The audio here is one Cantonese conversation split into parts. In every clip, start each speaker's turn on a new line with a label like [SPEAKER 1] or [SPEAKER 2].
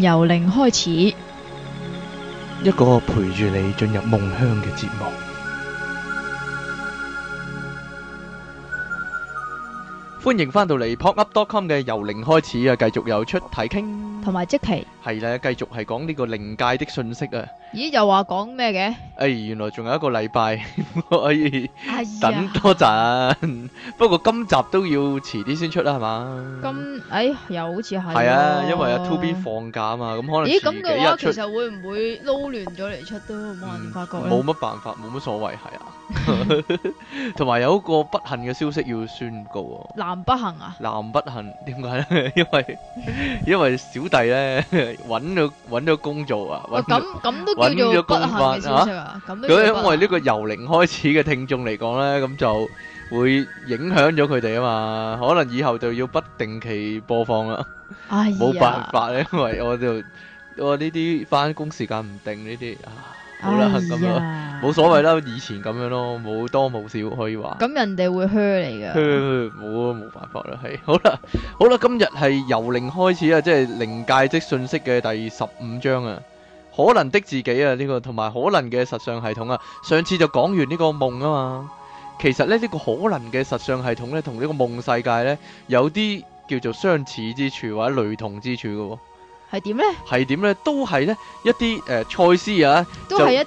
[SPEAKER 1] 由零開始，
[SPEAKER 2] 一個陪住你進入夢鄉嘅節目。歡迎返到嚟 popup.com 嘅由零開始啊，繼續又出體傾，同埋即期係咧，繼續係講呢個靈界的信息啊。
[SPEAKER 1] 咦，又話講咩嘅？
[SPEAKER 2] 哎、欸，原來仲有一個禮拜 可以等多陣，哎呀，不過今集都要遲啲先出啦，係嘛？
[SPEAKER 1] 今哎，又好似係。係啊，啊因為阿 To B
[SPEAKER 2] 放假啊嘛，咁可能。咦，咁嘅話其實
[SPEAKER 1] 會唔會撈亂咗嚟出都？冇
[SPEAKER 2] 乜、嗯、辦法，冇乜所謂，係啊。同 埋 有一個不幸嘅消息要宣告
[SPEAKER 1] 啊！難不幸啊！
[SPEAKER 2] 難不幸點解咧？為呢 因為因為小弟咧揾咗揾咗工作啊，揾咗。咁咁都。影響咗骨發吓，
[SPEAKER 1] 如果因為
[SPEAKER 2] 呢個由零開始嘅聽眾嚟講咧，咁就會影響咗佢哋啊嘛。可能以後就要不定期播放啦，
[SPEAKER 1] 冇辦
[SPEAKER 2] 法咧，因為我就我呢啲返工時間唔定呢啲啊，好啦咁樣，冇所謂啦，以前咁樣咯，冇多冇少可以話。咁
[SPEAKER 1] 人哋會 hurt 你噶，
[SPEAKER 2] 冇冇辦法啦，係好啦，好啦，今日係由零開始啊，即係靈界即訊息嘅第十五章啊。可能的自己啊，呢個同埋可能嘅實相系統啊，上次就講完呢個夢啊嘛。其實咧，呢個可能嘅實相系統咧，同呢個夢世界咧，有啲叫做相似之處或者雷同之處嘅喎。係點呢？係點呢？都係呢，一啲誒，賽、呃、斯啊，都係是 就一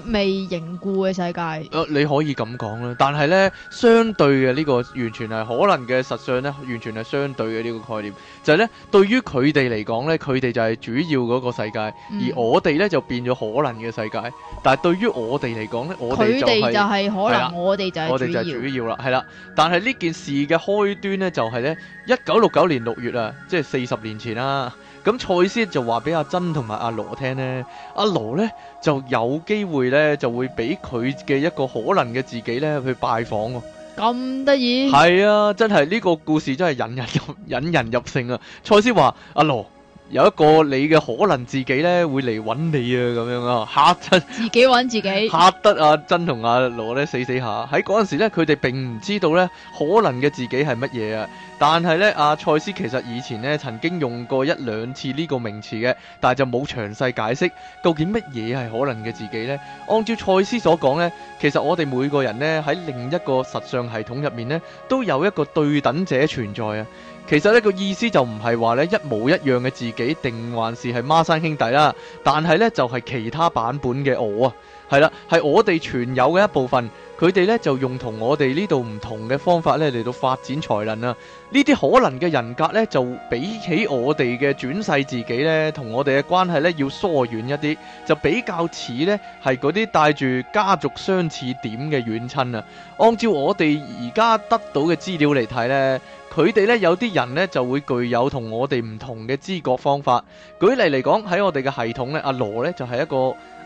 [SPEAKER 1] 啲未凝固嘅世
[SPEAKER 2] 界。誒、呃，你可以咁講啦，但係呢，相對嘅呢、這個完全係可能嘅實相呢，完全係相對嘅呢、這個概念，就係、是、呢，對於佢哋嚟講呢，佢哋就係主要嗰個世界，嗯、而我哋呢，就變咗可能嘅世界。但係對於我哋嚟講呢，我哋就係、是、可能我，我
[SPEAKER 1] 哋就係我哋就係主
[SPEAKER 2] 要啦，係啦。但係呢件事嘅開端咧，就係咧一九六九年六月啊，即係四十年前啦、啊。咁賽斯就話俾阿珍同埋阿羅聽咧，阿羅咧就有機會咧就會俾佢嘅一個可能嘅自己咧去拜訪喎、啊。
[SPEAKER 1] 咁得意？係
[SPEAKER 2] 啊，真係呢個故事真係引人入引人入勝啊！賽斯話阿羅。有一個你嘅可能自己咧，會嚟揾你啊，咁樣啊，嚇得
[SPEAKER 1] 自己揾自己，嚇
[SPEAKER 2] 得阿珍同阿羅咧死死下。喺嗰陣時咧，佢哋並唔知道咧可能嘅自己係乜嘢啊。但係咧，阿、啊、賽斯其實以前咧曾經用過一兩次呢個名詞嘅，但係就冇詳細解釋究竟乜嘢係可能嘅自己呢。按照賽斯所講呢，其實我哋每個人呢喺另一個實相系統入面呢，都有一個對等者存在啊。其實呢、呢個意思就唔係話呢一模一樣嘅自己，定還是係孖生兄弟啦。但係呢就係、是、其他版本嘅我啊，係啦，係我哋存有嘅一部分。佢哋呢就用同我哋呢度唔同嘅方法呢嚟到發展才能啊。呢啲可能嘅人格呢，就比起我哋嘅轉世自己呢同我哋嘅關係呢要疏遠一啲，就比較似呢係嗰啲帶住家族相似點嘅遠親啊。按照我哋而家得到嘅資料嚟睇呢。佢哋咧有啲人咧就會具有同我哋唔同嘅知覺方法。舉例嚟講，喺我哋嘅系統咧，阿羅咧就係一個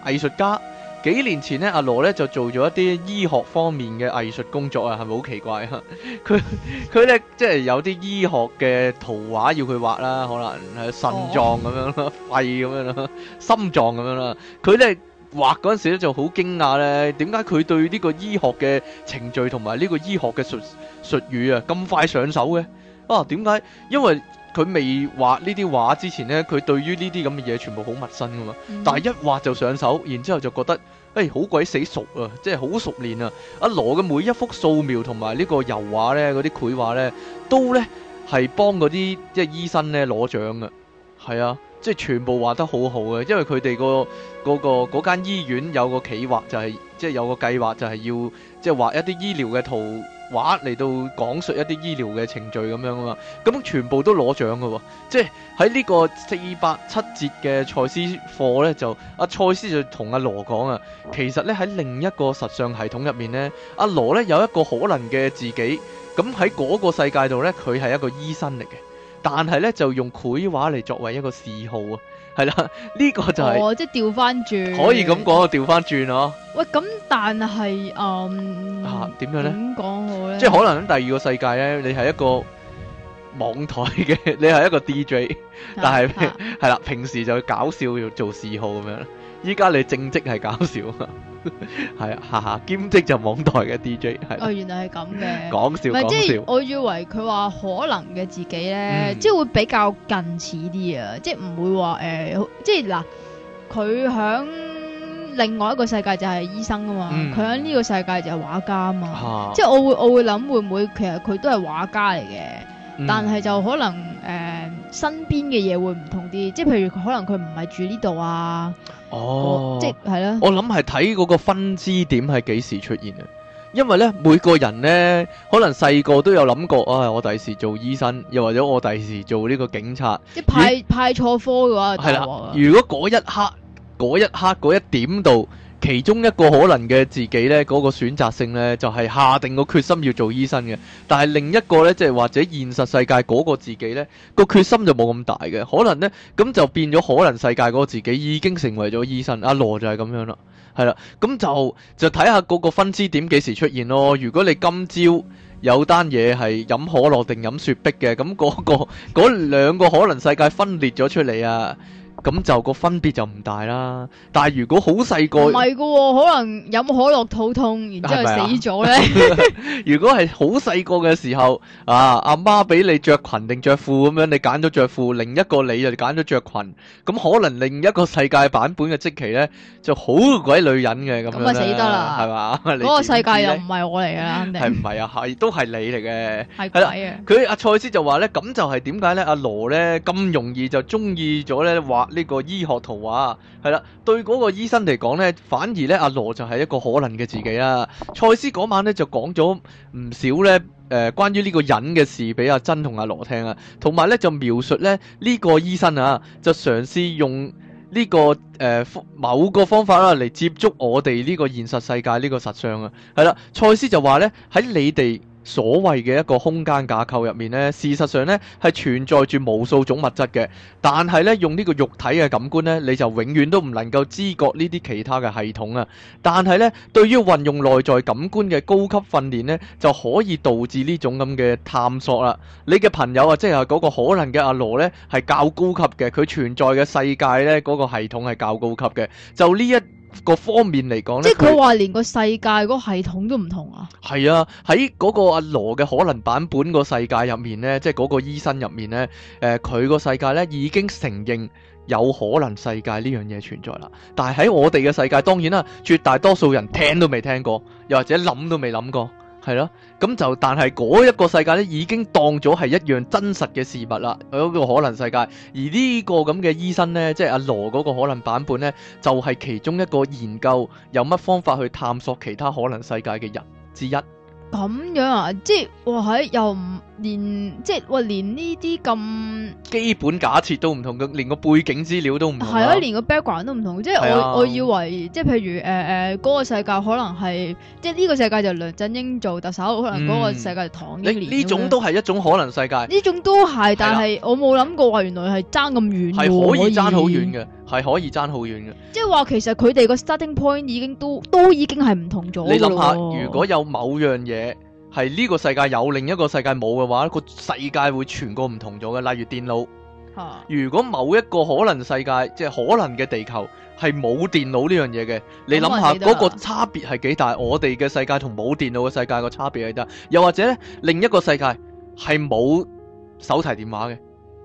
[SPEAKER 2] 藝術家。幾年前咧，阿羅咧就做咗一啲醫學方面嘅藝術工作啊，係咪好奇怪啊？佢佢咧即係有啲醫學嘅圖畫要佢畫啦，可能係腎臟咁樣啦，肺咁樣啦，心臟咁樣啦，佢咧，畫嗰陣時咧就好驚訝咧，點解佢對呢個醫學嘅程序同埋呢個醫學嘅術術語啊咁快上手嘅？啊，點解？因為佢未畫呢啲畫之前咧，佢對於呢啲咁嘅嘢全部好陌生噶嘛。嗯、哼但係一畫就上手，然之後就覺得，誒、欸，好鬼死熟啊，即係好熟練啊！阿羅嘅每一幅素描同埋呢個油畫咧，嗰啲繪畫咧，都咧係幫嗰啲即係醫生咧攞獎嘅。係啊。即係全部畫得好好嘅，因為佢哋、嗰個嗰、嗰個嗰間醫院有個企劃，就係，就係即係有個計劃就，就係要即係畫一啲醫療嘅圖畫嚟到講述一啲醫療嘅程序咁樣啊嘛。咁全部都攞獎嘅喎。即係喺呢個四百七節嘅賽斯課呢，就阿賽、啊、斯就同阿、啊、羅講啊，其實呢，喺另一個實相系統入面呢，阿、啊、羅呢有一個可能嘅自己，咁喺嗰個世界度呢，佢係一個醫生嚟嘅。但係咧就用繪畫嚟作為一個嗜好啊，係啦，呢個就係、是哦、
[SPEAKER 1] 即係調翻轉，可以咁
[SPEAKER 2] 講啊，調翻轉哦。
[SPEAKER 1] 喂，咁但係嗯，吓點、啊、樣
[SPEAKER 2] 咧？點講好
[SPEAKER 1] 咧？即係可能喺
[SPEAKER 2] 第二個世界咧，你係一個網台嘅，你係一個 DJ， 但係係啦，啊啊、 平時就搞笑要做嗜好咁樣。依家你正職係搞笑， 啊，係啊吓吓，兼職就網台嘅 DJ 係、啊。哦，原
[SPEAKER 1] 來係咁嘅，講
[SPEAKER 2] 笑，講笑。即係。
[SPEAKER 1] 我以為佢話可能嘅自己咧，嗯、即係會比較近似啲啊，即係唔會話誒、欸，即係嗱，佢響另外一個世界就係醫生啊嘛，佢響呢個世界就係畫家啊嘛，啊即係我會我會諗會唔會其實佢都係畫家嚟嘅。但係就可能誒、呃、身邊嘅嘢會唔同啲，即係譬如可能佢唔係住呢度啊，
[SPEAKER 2] 哦，即係係咯。我諗係睇嗰個分支點係幾時出現啊？因為咧每個人咧，可能細個都有諗過啊，我第時做醫生，又或者我第時做呢個警察。即派
[SPEAKER 1] 果派錯科嘅話，係啦。
[SPEAKER 2] 如果嗰一刻嗰一刻嗰一點度。其中一個可能嘅自己呢，嗰、那個選擇性呢，就係、是、下定個決心要做醫生嘅。但係另一個呢，即係或者現實世界嗰個自己呢，個決心就冇咁大嘅，可能呢，咁就變咗可能世界嗰個自己已經成為咗醫生。阿羅就係咁樣啦，係啦，咁就就睇下嗰個分支點幾時出現咯。如果你今朝有單嘢係飲可樂定飲雪碧嘅，咁、那、嗰個嗰兩個可能世界分裂咗出嚟啊！咁就個分別就唔大啦。但係如果好細個唔係
[SPEAKER 1] 噶喎，可能飲可樂肚痛，然之後死咗咧。
[SPEAKER 2] 如果係好細個嘅時候，啊，阿媽俾你著裙定著褲咁樣，你揀咗著褲，另一個你就揀咗著裙，咁可能另一個世界版本嘅即期咧就好鬼女人嘅咁死得啦，係嘛？嗰個世界又
[SPEAKER 1] 唔係我嚟噶啦，係
[SPEAKER 2] 唔係啊？係都係你嚟嘅，係鬼啊！佢阿賽斯就話咧，咁就係點解咧？阿羅咧咁容易就中意咗咧話。呢個醫學圖畫係啦，對嗰個醫生嚟講咧，反而咧阿羅就係一個可能嘅自己啦。賽斯嗰晚咧就講咗唔少咧誒、呃、關於呢個人嘅事俾阿珍同阿羅聽啊，同埋咧就描述咧呢、這個醫生啊，就嘗試用呢、這個誒、呃、某個方法啦嚟接觸我哋呢個現實世界呢個實相啊。係啦，賽斯就話呢喺你哋。所謂嘅一個空間架構入面呢，事實上呢係存在住無數種物質嘅，但係呢，用呢個肉體嘅感官呢，你就永遠都唔能夠知覺呢啲其他嘅系統啊。但係呢，對於運用內在感官嘅高級訓練呢，就可以導致呢種咁嘅探索啦。你嘅朋友啊，即係嗰個可能嘅阿羅呢，係較高級嘅，佢存在嘅世界呢，嗰個系統係較高級嘅，就呢一。各方面嚟講呢即係佢話
[SPEAKER 1] 連個世界嗰個系統都唔同啊！
[SPEAKER 2] 係啊，喺嗰個阿羅嘅可能版本個世界入面呢即係嗰個醫生入面呢誒，佢、呃、個世界呢已經承認有可能世界呢樣嘢存在啦。但係喺我哋嘅世界，當然啦，絕大多數人聽都未聽過，又或者諗都未諗過。係咯，咁就但係嗰一個世界咧，已經當咗係一樣真實嘅事物啦。嗰個可能世界，而呢個咁嘅醫生呢，即係阿羅嗰個可能版本呢，就係、是、其中一個研究有乜方法去探索其他可能世界嘅人之一。
[SPEAKER 1] 咁樣啊，即係哇，喺又唔連，即係哇，連呢啲咁
[SPEAKER 2] 基本假設都唔同嘅，連個背景資料都唔同。係啊，
[SPEAKER 1] 連個 background 都唔同。啊、即係我我以為，即係譬如誒誒，嗰、呃嗰個世界可能係，即係呢個世界就梁振英做特首，嗯、可能嗰個世界就唐英年。呢呢種
[SPEAKER 2] 都係一種可能世界。呢
[SPEAKER 1] 種都係，但係我冇諗過話，原來係爭咁遠，係可以爭好遠
[SPEAKER 2] 嘅，係可以爭好遠嘅。遠
[SPEAKER 1] 即係話，其實佢哋個 starting point 已經都都已經係唔同咗。你諗下，如果
[SPEAKER 2] 有某樣嘢。係呢個世界有另一個世界冇嘅話，個世界會全個唔同咗嘅。例如電腦，啊、如果某一個可能世界，即係可能嘅地球係冇電腦呢樣嘢嘅，你諗下嗰個差別係幾大？我哋嘅世界同冇電腦嘅世界個差別係得？又或者呢，另一個世界係冇手提電話嘅，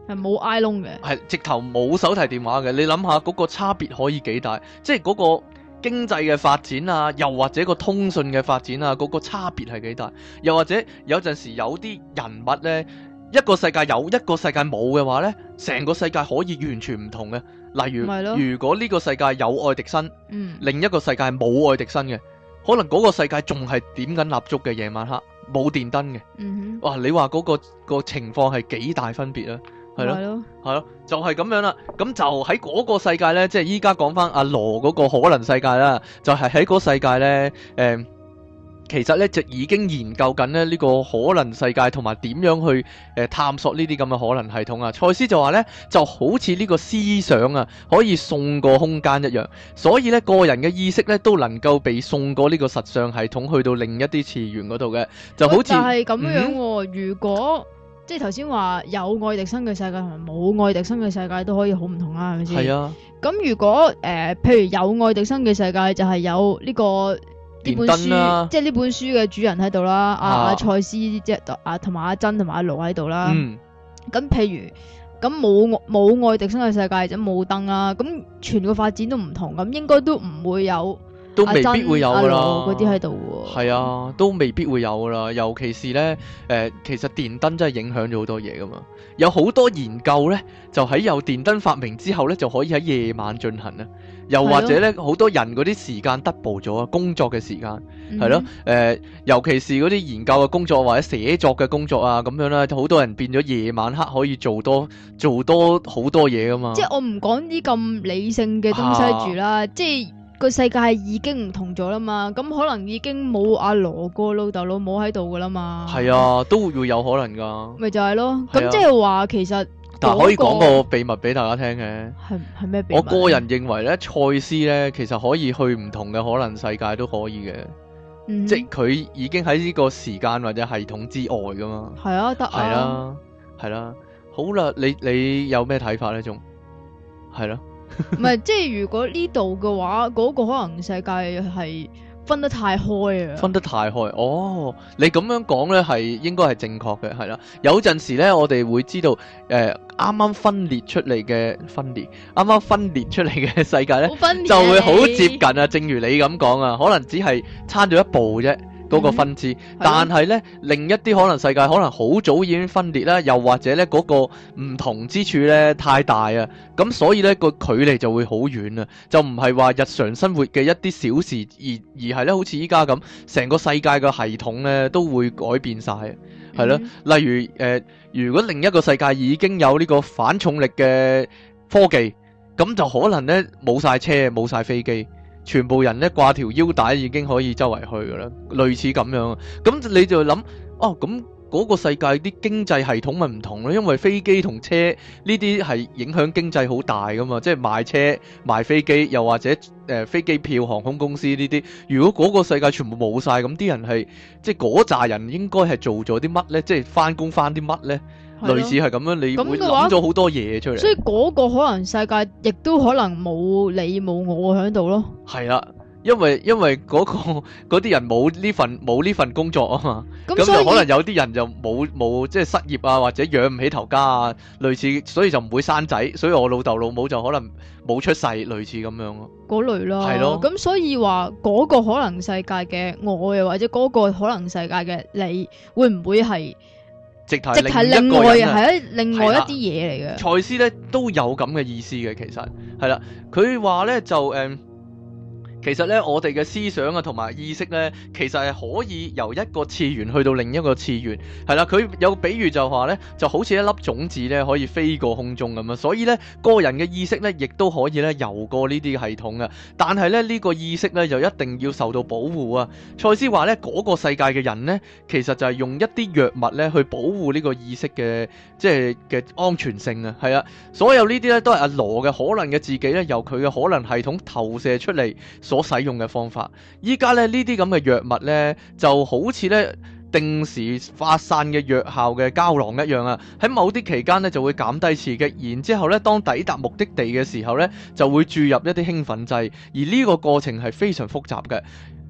[SPEAKER 1] 係冇 iPhone 嘅，
[SPEAKER 2] 係直頭冇手提電話嘅。你諗下嗰個差別可以幾大？即係嗰、嗰個。經濟嘅發展啊，又或者個通訊嘅發展啊，嗰、嗰個差別係幾大？又或者有陣時有啲人物呢，一個世界有一個世界冇嘅話呢，成個世界可以完全唔同嘅。例如，如果呢個世界有愛迪生，嗯，另一個世界冇愛迪生嘅，可能嗰個世界仲係點緊蠟燭嘅夜晚黑，冇電燈嘅。嗯哼，哇！你話嗰、嗰個、嗰個情況係幾大分別啊？係咯，係咯，就係、是、咁樣啦。咁就喺嗰個世界呢，即係依家講翻阿羅嗰個可能世界啦。就係喺嗰個世界呢，誒、呃，其實呢，就已經研究緊咧呢個可能世界，同埋點樣去誒探索呢啲咁嘅可能系統啊。賽斯就話呢，就好似呢個思想啊，可以送過空間一樣，所以呢個人嘅意識呢，都能夠被送過呢個實相系統去到另一啲次元嗰度嘅，就好似係咁樣、
[SPEAKER 1] 啊。嗯、如果即係頭先話有愛迪生嘅世界同冇愛迪生嘅世界都可以好唔同是啊，係咪先？係啊。咁如果誒、呃，譬如有愛迪生嘅世界就係有呢、這
[SPEAKER 2] 個呢燈、啊、本書，即係
[SPEAKER 1] 呢本書嘅主人喺度啦。阿賽斯即係啊，同埋、啊、阿珍同埋阿盧喺度啦。咁、嗯、譬如咁冇冇愛迪生嘅世界就冇燈啦、啊。咁全個發展都唔同，咁應該都唔會有。都未必會有噶啦、啊，嗰啲喺度
[SPEAKER 2] 喎。係啊，啊，都未必會有噶啦。尤其是咧，誒、呃，其實電燈真係影響咗好多嘢噶嘛。有好多研究咧，就喺有電燈發明之後咧，就可以喺夜晚進行啦。又或者咧，好、啊、多人嗰啲時間 double 咗啊，工作嘅時間係咯。誒、嗯哼啊呃，尤其是嗰啲研究嘅工作或者寫作嘅工作啊，咁樣咧，就好多人變咗夜晚黑可以做多做多好多嘢噶嘛。即係
[SPEAKER 1] 我唔講啲咁理性嘅東西住啦，即係。個世界已經唔同咗啦嘛，咁可能已經冇阿羅個老豆老母喺度噶啦嘛。係
[SPEAKER 2] 啊，都會有可能噶。
[SPEAKER 1] 咪就係咯，咁即係話其實，但可以講個
[SPEAKER 2] 秘密俾大家聽嘅。係，
[SPEAKER 1] 係咩秘密？我個人
[SPEAKER 2] 認為咧，賽斯咧其實可以去唔同嘅可能世界都可以嘅，嗯、
[SPEAKER 1] 哼即係
[SPEAKER 2] 佢已經喺呢個時間或者系統之外噶嘛。
[SPEAKER 1] 係啊，得啊，係啦、
[SPEAKER 2] 啊，係啦、啊。好啦，你你有咩睇法咧？仲係咯。
[SPEAKER 1] 唔係， 即係如果呢度嘅話，嗰個可能世界係分得太開
[SPEAKER 2] 啊！分得太開哦，你咁樣講呢，係應該係正確嘅，係啦。有陣時呢，我哋會知道，誒、呃，啱啱分裂出嚟嘅分裂，啱啱分裂出嚟嘅世界呢，就會好接近啊。正如你咁講啊，可能只係差咗一步啫。嗰個分支，但係呢另一啲可能世界可能好早已經分裂啦，又或者呢嗰個唔同之處呢太大啊，咁所以呢個距離就會好遠喇，就唔係話日常生活嘅一啲小事而而係呢好似依家咁，成個世界嘅系統呢都會改變晒，係咯，例如誒，如果另一個世界已經有呢個反重力嘅科技，咁就可能呢冇晒車、冇晒飛機。全部人咧掛條腰帶已經可以周圍去㗎啦，類似咁樣。咁你就諗，哦，咁嗰個世界啲經濟系統咪唔同咯？因為飛機同車呢啲係影響經濟好大噶嘛，即係賣車、賣飛機，又或者誒、呃、飛機票、航空公司呢啲。如果嗰個世界全部冇晒，咁啲人係即係嗰扎人應該係做咗啲乜呢？即係翻工翻啲乜呢？類似係咁樣，你會諗咗好多嘢出嚟。所以
[SPEAKER 1] 嗰個可能世界亦都可能冇你冇我喺度咯。
[SPEAKER 2] 係啦，因為因為嗰個嗰啲人冇呢份冇呢份工作啊嘛，咁就可能有啲人就冇冇即係失業啊，或者養唔起頭家啊，類似，所以就唔會生仔，所以我老豆老母就可能冇出世，類似咁樣
[SPEAKER 1] 咯。嗰類咯，係咯，咁所以話嗰個可能世界嘅我，又或者嗰個可能世界嘅你，會唔會係？
[SPEAKER 2] 直提另外係另外一啲嘢嚟嘅，賽斯都有咁嘅意思嘅，其實係啦，佢話呢就誒。嗯其實咧，我哋嘅思想啊，同埋意識咧，其實係可以由一個次元去到另一個次元，係啦。佢有比喻就話咧，就好似一粒種子咧，可以飛過空中咁樣。所以咧，個人嘅意識咧，亦都可以咧遊過呢啲系統啊。但係咧，呢個意識咧就一定要受到保護啊。賽斯話咧，嗰個世界嘅人咧，其實就係用一啲藥物咧去保護呢個意識嘅即係嘅安全性啊。係啊，所有呢啲咧都係阿羅嘅可能嘅自己咧，由佢嘅可能系統投射出嚟。所使用嘅方法，依家咧呢啲咁嘅藥物呢就好似呢定時發散嘅藥效嘅膠囊一樣啊，喺某啲期間呢就會減低刺激，然之後咧當抵達目的地嘅時候呢就會注入一啲興奮劑，而呢個過程係非常複雜嘅。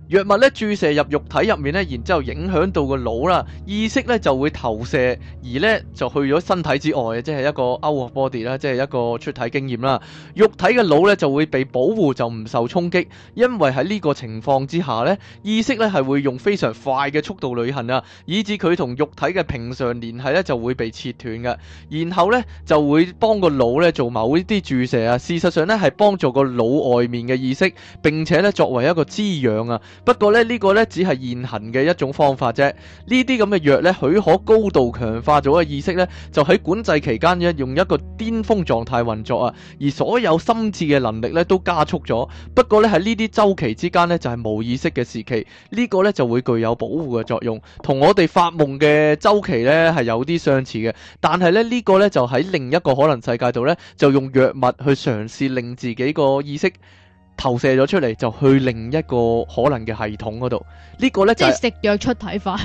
[SPEAKER 2] 藥物咧注射入肉體入面咧，然之後影響到個腦啦，意識咧就會投射，而咧就去咗身體之外啊，即係一個 out of body 啦，即係一個出體經驗啦。肉體嘅腦咧就會被保護，就唔受衝擊，因為喺呢個情況之下咧，意識咧係會用非常快嘅速度旅行啊，以致佢同肉體嘅平常聯繫咧就會被切斷嘅，然後咧就會幫個腦咧做某啲注射啊。事實上咧係幫助個腦外面嘅意識，並且咧作為一個滋養啊。不過咧，呢個呢，只係現行嘅一種方法啫。呢啲咁嘅藥呢，許可高度強化咗嘅意識呢，就喺管制期間呢用一個巔峰狀態運作啊，而所有心智嘅能力呢，都加速咗。不過呢，喺呢啲周期之間呢，就係冇意識嘅時期，呢個呢，就會具有保護嘅作用，同我哋發夢嘅周期呢，係有啲相似嘅。但係呢，呢個呢，就喺另一個可能世界度呢，就用藥物去嘗試令自己個意識，投射咗出嚟就去另一個可能嘅系統嗰度，呢、這個呢，就係食
[SPEAKER 1] 藥出體法。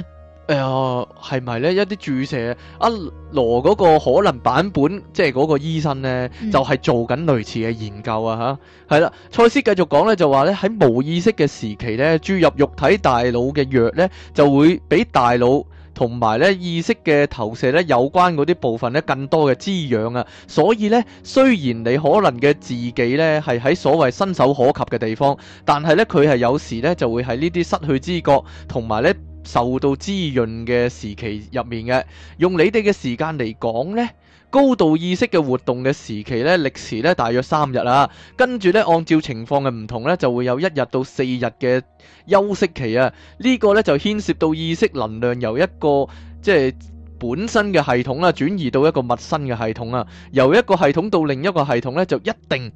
[SPEAKER 1] 誒
[SPEAKER 2] 啊、呃，係咪呢？一啲注射阿羅嗰個可能版本，即係嗰個醫生呢，就係、是、做緊類似嘅研究啊！嚇、嗯，係啦。賽斯繼續講呢，就話呢，喺無意識嘅時期呢，注入肉體大腦嘅藥呢，就會俾大腦同埋咧，意識嘅投射咧，有關嗰啲部分咧，更多嘅滋養啊，所以咧，雖然你可能嘅自己咧係喺所謂伸手可及嘅地方，但係咧佢係有時咧就會喺呢啲失去知覺同埋咧受到滋潤嘅時期入面嘅，用你哋嘅時間嚟講咧。高度意識嘅活動嘅時期咧，歷時咧大約三日啊。跟住咧，按照情況嘅唔同咧，就會有一日到四日嘅休息期啊。這個、呢個咧就牽涉到意識能量由一個即係、就是、本身嘅系統啦、啊，轉移到一個陌生嘅系統啊。由一個系統到另一個系統咧，就一定。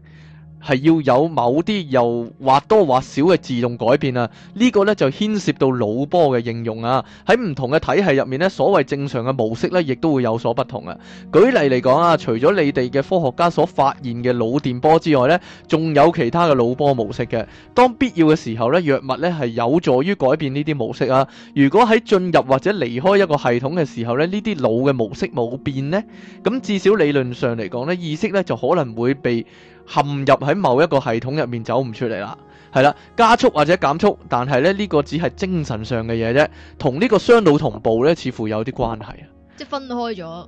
[SPEAKER 2] 係要有某啲又或多或少嘅自動改變啊！呢個呢就牽涉到腦波嘅應用啊！喺唔同嘅體系入面呢，所謂正常嘅模式呢亦都會有所不同啊！舉例嚟講啊，除咗你哋嘅科學家所發現嘅腦電波之外呢，仲有其他嘅腦波模式嘅。當必要嘅時候呢，藥物呢係有助於改變呢啲模式啊！如果喺進入或者離開一個系統嘅時候呢，呢啲腦嘅模式冇變呢，咁至少理論上嚟講呢，意識呢就可能會被。陷入喺某一個系統入面走唔出嚟啦，係啦，加速或者減速，但係咧呢、呢個只係精神上嘅嘢啫，同呢個雙腦同步咧似乎有啲關係啊，
[SPEAKER 1] 即係分開咗。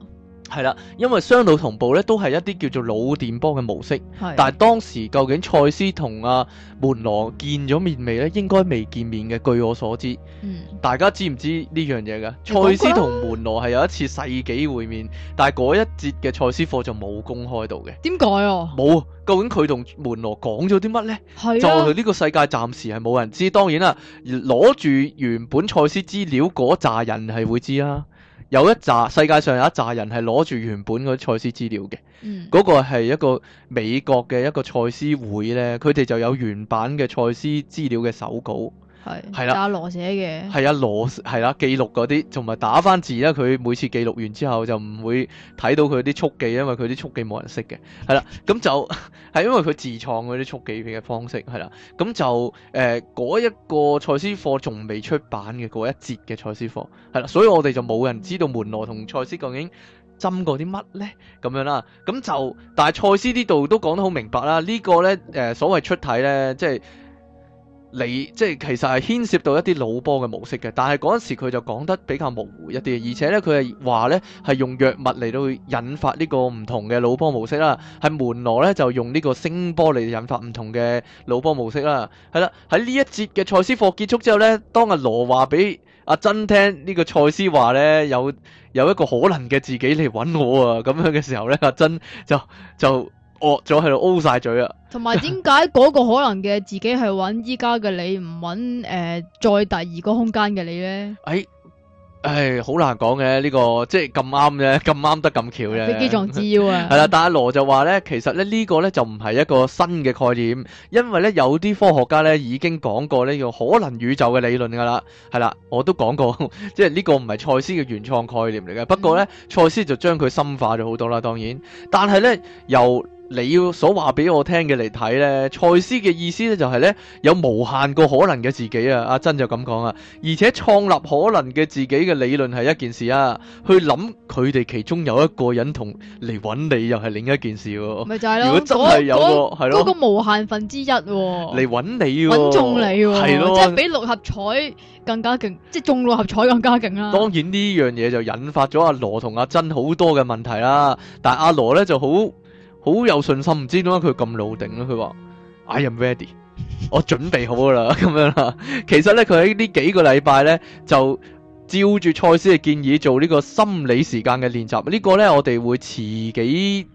[SPEAKER 2] 係啦，因為雙腦同步咧，都係一啲叫做腦電波嘅模式。是但係當時究竟賽斯同阿門羅見咗面未呢？應該未見面嘅。據我所知，嗯、大家知唔知呢樣嘢噶？賽斯同門羅係有一次世紀會面，但係嗰一節嘅賽斯課就冇公開到嘅。點解啊？冇，究竟佢同門羅講咗啲乜呢？係、啊，就呢個世界暫時係冇人知。當然啦，攞住原本賽斯資料嗰扎人係會知啊。 有一紮世界上有一紮人係攞住原本嗰啲賽斯資料嘅，嗯、嗰個係一個美國嘅一個賽斯會咧，佢哋就有原版嘅賽斯資料嘅手稿。係，係啦、啊，
[SPEAKER 1] 羅寫嘅，
[SPEAKER 2] 係啊，羅係啦，記、啊、錄嗰啲，同埋打返字啦。佢每次記錄完之後，就唔會睇到佢啲速記，因為佢啲速記冇人識嘅。係啦、啊，咁就係 因為佢自創嗰啲速記嘅方式，係啦、啊，咁就誒嗰、呃、一個賽斯課仲未出版嘅嗰一節嘅賽斯課，係啦、啊，所以我哋就冇人知道門羅同賽斯究竟針過啲乜咧咁樣啦。咁就但係賽斯呢度都講得好明白啦。這個、呢個咧誒所謂出體咧，即係。你即係其實係牽涉到一啲腦波嘅模式嘅，但係嗰陣時佢就講得比較模糊一啲，而且呢，佢係話呢係用藥物嚟到引發呢個唔同嘅腦波模式啦，喺門羅呢，就用呢個聲波嚟引發唔同嘅腦波模式啦，係啦，喺呢一節嘅賽斯課結束之後呢，當阿羅話俾阿珍聽呢個賽斯話呢，有有一個可能嘅自己嚟揾我啊咁樣嘅時候呢，阿珍就就。惡咗喺度 O 晒嘴啊，
[SPEAKER 1] 同埋點解嗰個可能嘅自己係揾依家嘅你，唔揾誒再第二個空間嘅你咧？
[SPEAKER 2] 誒誒、哎，好、哎、難講嘅呢個，即係咁啱嘅，咁啱得咁巧嘅。飛機撞紙鷂啊！係啦，但阿羅就話咧，其實咧呢、這個咧就唔係一個新嘅概念，因為咧有啲科學家咧已經講過呢個可能宇宙嘅理論噶啦，係啦，我都講過，即係呢個唔係賽斯嘅原創概念嚟嘅，不過咧賽、嗯、斯就將佢深化咗好多啦，當然，但係咧由。你要所話俾我聽嘅嚟睇咧，賽斯嘅意思咧就係咧有無限個可能嘅自己啊。阿珍就咁講啊，而且創立可能嘅自己嘅理論係一件事啊，去諗佢哋其中有一個人同嚟揾你又係另一件事、啊。咪就係咯，如果真係有個係咯，嗰、啊、
[SPEAKER 1] 個無限分之一嚟、
[SPEAKER 2] 啊、揾你、啊，揾中你係、啊、咯，即係、啊、比
[SPEAKER 1] 六合彩更加勁，即、就、係、是、中六合彩更加勁啦、啊。
[SPEAKER 2] 當然呢樣嘢就引發咗阿羅同阿珍好多嘅問題啦、啊。但係阿羅咧就好。好有信心，唔知點解佢咁老定咧？佢話：I am ready，我準備好啦，咁樣啦。其實咧，佢喺呢幾個禮拜咧，就照住賽斯嘅建議做呢個心理時間嘅練習。這個、呢個咧，我哋會遲幾。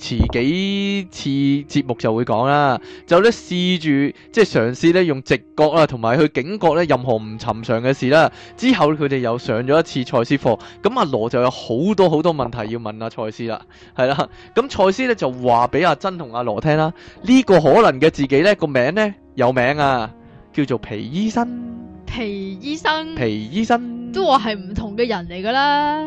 [SPEAKER 2] 遲幾次節目就會講啦，就咧試住即係嘗試咧用直覺啦，同埋去警覺咧任何唔尋常嘅事啦。之後佢哋又上咗一次賽斯課，咁阿羅就有好多好多問題要問阿、啊、賽斯啦，係啦。咁賽斯咧就話俾阿珍同阿羅聽啦，呢、呢個可能嘅自己咧個名咧有名啊，叫做皮醫生。皮醫生，皮醫生
[SPEAKER 1] 都話係唔同嘅人嚟噶啦，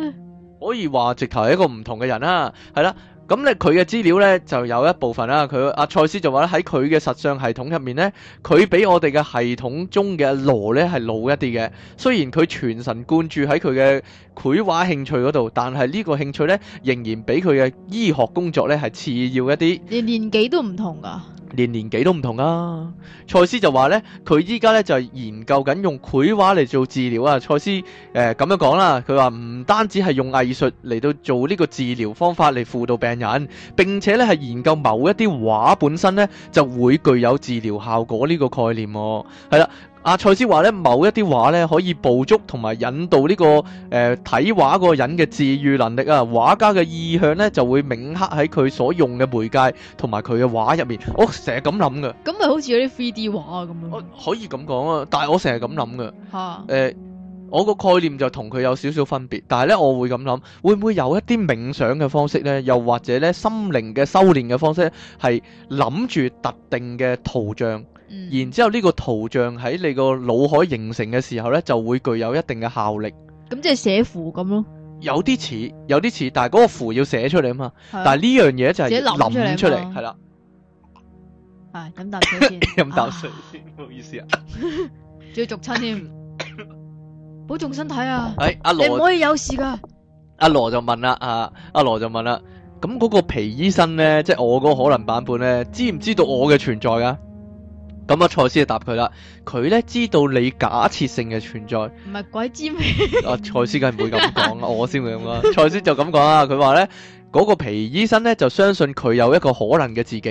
[SPEAKER 2] 可以話直頭係一個唔同嘅人啦，係啦。咁咧佢嘅資料咧就有一部分啦，啊，佢阿賽斯就話咧喺佢嘅實相系統入面咧，佢比我哋嘅系統中嘅羅咧係老一啲嘅。雖然佢全神貫注喺佢嘅繪畫興趣嗰度，但係呢個興趣咧仍然比佢嘅醫學工作咧係次要一啲。
[SPEAKER 1] 連年紀都唔同㗎。
[SPEAKER 2] 連年紀都唔同啊！賽斯就話呢，佢依家呢就係、是、研究緊用繪畫嚟做治療啊！賽斯誒咁樣講啦，佢話唔單止係用藝術嚟到做呢個治療方法嚟輔導病人，並且呢係研究某一啲畫本身呢就會具有治療效果呢個概念、啊。係啦。阿賽斯話咧，某一啲畫咧可以捕捉同埋引導呢、這個誒睇、呃、畫嗰個人嘅治愈能力啊，畫家嘅意向咧就會銘刻喺佢所用嘅媒介同埋佢嘅畫入面。我成日咁諗嘅，
[SPEAKER 1] 咁咪好似啲 three D 畫啊咁樣。我
[SPEAKER 2] 可以咁講啊，但係我成日咁諗嘅。嚇，誒，我個概念就同佢有少少分別，但係咧，我會咁諗，會唔會有一啲冥想嘅方式咧，又或者咧，心靈嘅修煉嘅方式咧，係諗住特定嘅圖像？嗯、然之後呢個圖像喺你個腦海形成嘅時候咧，就會具有一定嘅效力。
[SPEAKER 1] 咁即係寫符咁咯，
[SPEAKER 2] 有啲似，有啲似，但係嗰個符要寫出嚟啊嘛。啊但係呢樣嘢就係諗出嚟，係啦，
[SPEAKER 1] 係咁啖水先，咁啖
[SPEAKER 2] 水先，唔、啊、
[SPEAKER 1] 好意思啊，仲 要續親添， 保重身體啊。誒、哎，阿、啊、羅，你唔可以有事噶。
[SPEAKER 2] 阿羅、啊、就問啦，啊，阿、啊、羅就問啦，咁、啊、嗰、啊、個皮醫生咧，即、就、係、是、我嗰個可能版本咧，知唔知道我嘅存在噶？咁啊，賽斯就答佢啦。佢咧知道你假設性嘅存在，唔係鬼知咩？ 啊，賽斯梗唔會咁講啦， 我先會咁啦。賽斯就咁講啦，佢話咧嗰個皮醫生咧就相信佢有一個可能嘅自己，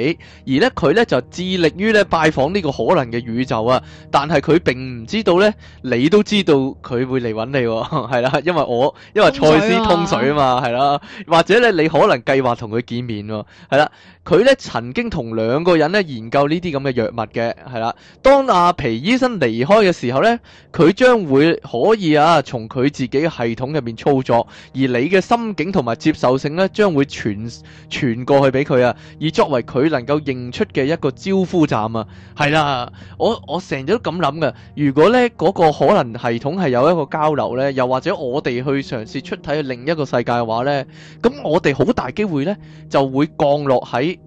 [SPEAKER 2] 而咧佢咧就致力於咧拜訪呢個可能嘅宇宙啊。但係佢並唔知道咧，你都知道佢會嚟揾你，係啦，因為我因為賽斯通水啊嘛，係啦，或者咧你可能計劃同佢見面喎，啊，係啦，佢咧曾經同兩個人咧研究呢啲咁嘅藥物嘅，係啦，當阿皮。醫生離開嘅時候呢，佢將會可以啊從佢自己嘅系統入面操作，而你嘅心境同埋接受性呢，將會傳傳過去畀佢啊，而作為佢能夠認出嘅一個招呼站啊，係啦，我我成日都咁諗嘅，如果呢個個可能系統係有一個交流呢，又或者我哋去嘗試出體另一個世界嘅話呢，咁我哋好大機會呢就會降落喺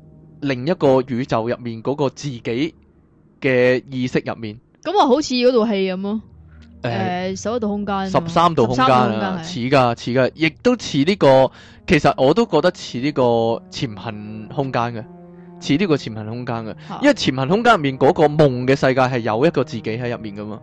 [SPEAKER 2] 另一個宇宙入面個自己嘅意識入面。
[SPEAKER 1] 咁啊，好似嗰套戲咁
[SPEAKER 2] 咯，誒，
[SPEAKER 1] 十一度空間，啊，十
[SPEAKER 2] 三度空間，似噶，似噶，亦都似呢個，其實我都覺得似呢個潛行空間嘅，似呢個潛行空間嘅，因為潛行空間入面嗰個夢嘅世界係有一個自己喺入面噶嘛。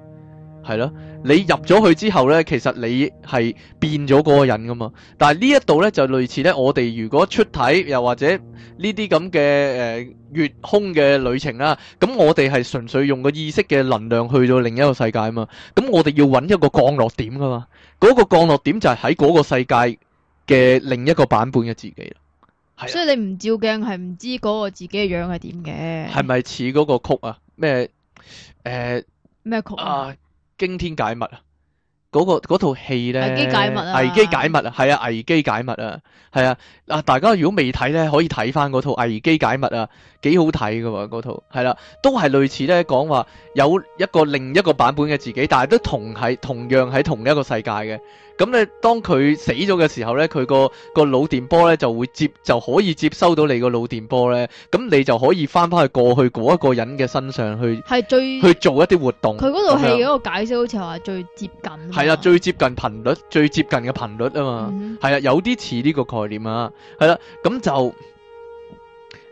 [SPEAKER 2] 係咯，你入咗去之後呢，其實你係變咗嗰個人噶嘛。但係呢一度呢，就類似呢我哋如果出體又或者呢啲咁嘅誒月空嘅旅程啦，咁我哋係純粹用個意識嘅能量去到另一個世界啊嘛。咁我哋要揾一個降落點噶嘛。嗰個降落點就係喺嗰個世界嘅另一個版本嘅自己。
[SPEAKER 1] 所以你唔照鏡係唔知嗰個自己嘅樣係點嘅。係
[SPEAKER 2] 咪似嗰個曲啊？咩？誒，咩曲啊？啊驚天解密啊！嗰個，嗰套戲呢？危機解密啊，危機解密啊，係啊，危機解密啊，係啊！嗱，大家如果未睇呢，可以睇翻嗰套危機解密啊，幾好睇噶喎，嗰套係啦，都係類似呢講話有一個另一個版本嘅自己，但係都同係同樣喺同一個世界嘅。咁咧，當佢死咗嘅時候咧，佢、個、個腦電波咧就會接，就可以接收到你個腦電波咧。咁你就可以翻翻去過去嗰一個人嘅身上去係最去做一啲活動。佢嗰套戲嘅一
[SPEAKER 1] 個解釋，好似話最接
[SPEAKER 2] 近係啦、啊，最接近頻率，最接近嘅頻率啊嘛，係、嗯、啊，有啲似呢個概念啊，係啦、啊，咁就誒、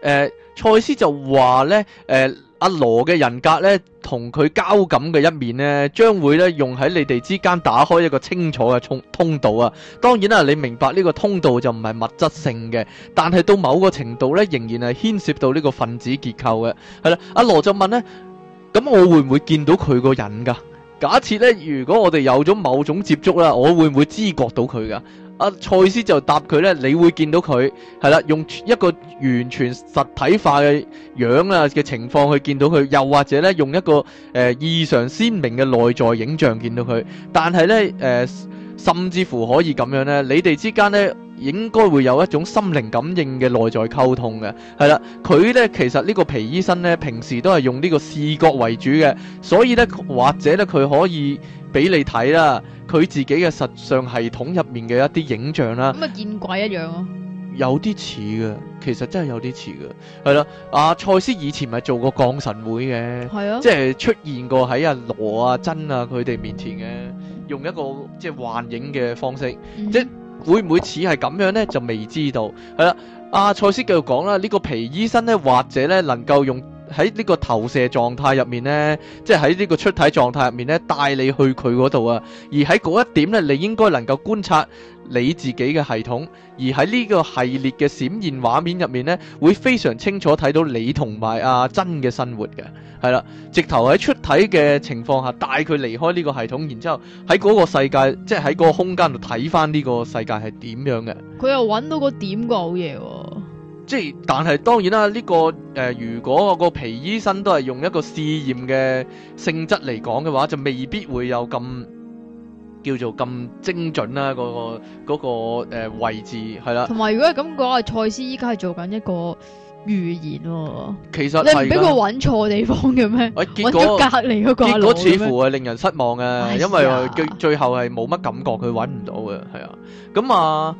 [SPEAKER 2] 呃，賽斯就話咧，誒、呃。阿羅嘅人格呢，同佢交感嘅一面呢，將會呢用喺你哋之間打開一個清楚嘅通通道啊！當然啦、啊，你明白呢個通道就唔係物質性嘅，但係到某個程度呢，仍然係牽涉到呢個分子結構嘅。係啦，阿、啊、羅就問呢，咁我會唔會見到佢個人噶？假設呢，如果我哋有咗某種接觸啦，我會唔會知覺到佢噶？阿賽斯就答佢咧，你會見到佢，係啦，用一個完全實體化嘅樣啊嘅情況去見到佢，又或者咧用一個誒、呃、異常鮮明嘅內在影像見到佢，但係咧誒，甚至乎可以咁樣咧，你哋之間咧。應該會有一種心靈感應嘅內在溝通嘅，係啦。佢呢，其實呢個皮醫生呢，平時都係用呢個視覺為主嘅，所以呢，或者呢，佢可以俾你睇啦，佢自己嘅實相系統入面嘅一啲影像啦。咁
[SPEAKER 1] 啊，見鬼一樣咯，啊，
[SPEAKER 2] 有啲似嘅，其實真係有啲似嘅，係啦。阿賽斯以前咪做過降神會嘅，係啊的，即係出現過喺阿羅啊、珍、啊佢哋面前嘅，用一個即係幻影嘅方式，嗯、哼即會唔會似係咁樣呢？就未知道。係啦，阿賽斯繼續講啦。呢、呢個皮醫生呢，或者呢，能夠用。喺呢個投射狀態入面呢，即係喺呢個出體狀態入面呢，帶你去佢嗰度啊！而喺嗰一點呢，你應該能夠觀察你自己嘅系統，而喺呢個系列嘅閃現畫面入面呢，會非常清楚睇到你同埋阿珍嘅生活嘅，係啦，直頭喺出體嘅情況下帶佢離開呢個系統，然之後喺嗰個世界，即係喺個空間度睇返呢個世界係點樣嘅。
[SPEAKER 1] 佢又揾到個點個好嘢喎、哦！即係，
[SPEAKER 2] 但係當然啦，呢個誒，如果個皮醫生都係用一個試驗嘅性質嚟講嘅話，就未必會有咁叫做咁精準啦。嗰個嗰個誒位置係啦。同埋，
[SPEAKER 1] 如果係咁講，賽斯依家係做緊一個預言喎。
[SPEAKER 2] 其實你唔俾佢揾
[SPEAKER 1] 錯地方嘅咩？結果隔離嗰個，結果似乎
[SPEAKER 2] 係令人失望嘅，因為最最後係冇乜感覺，佢揾唔到嘅，係啊，咁啊。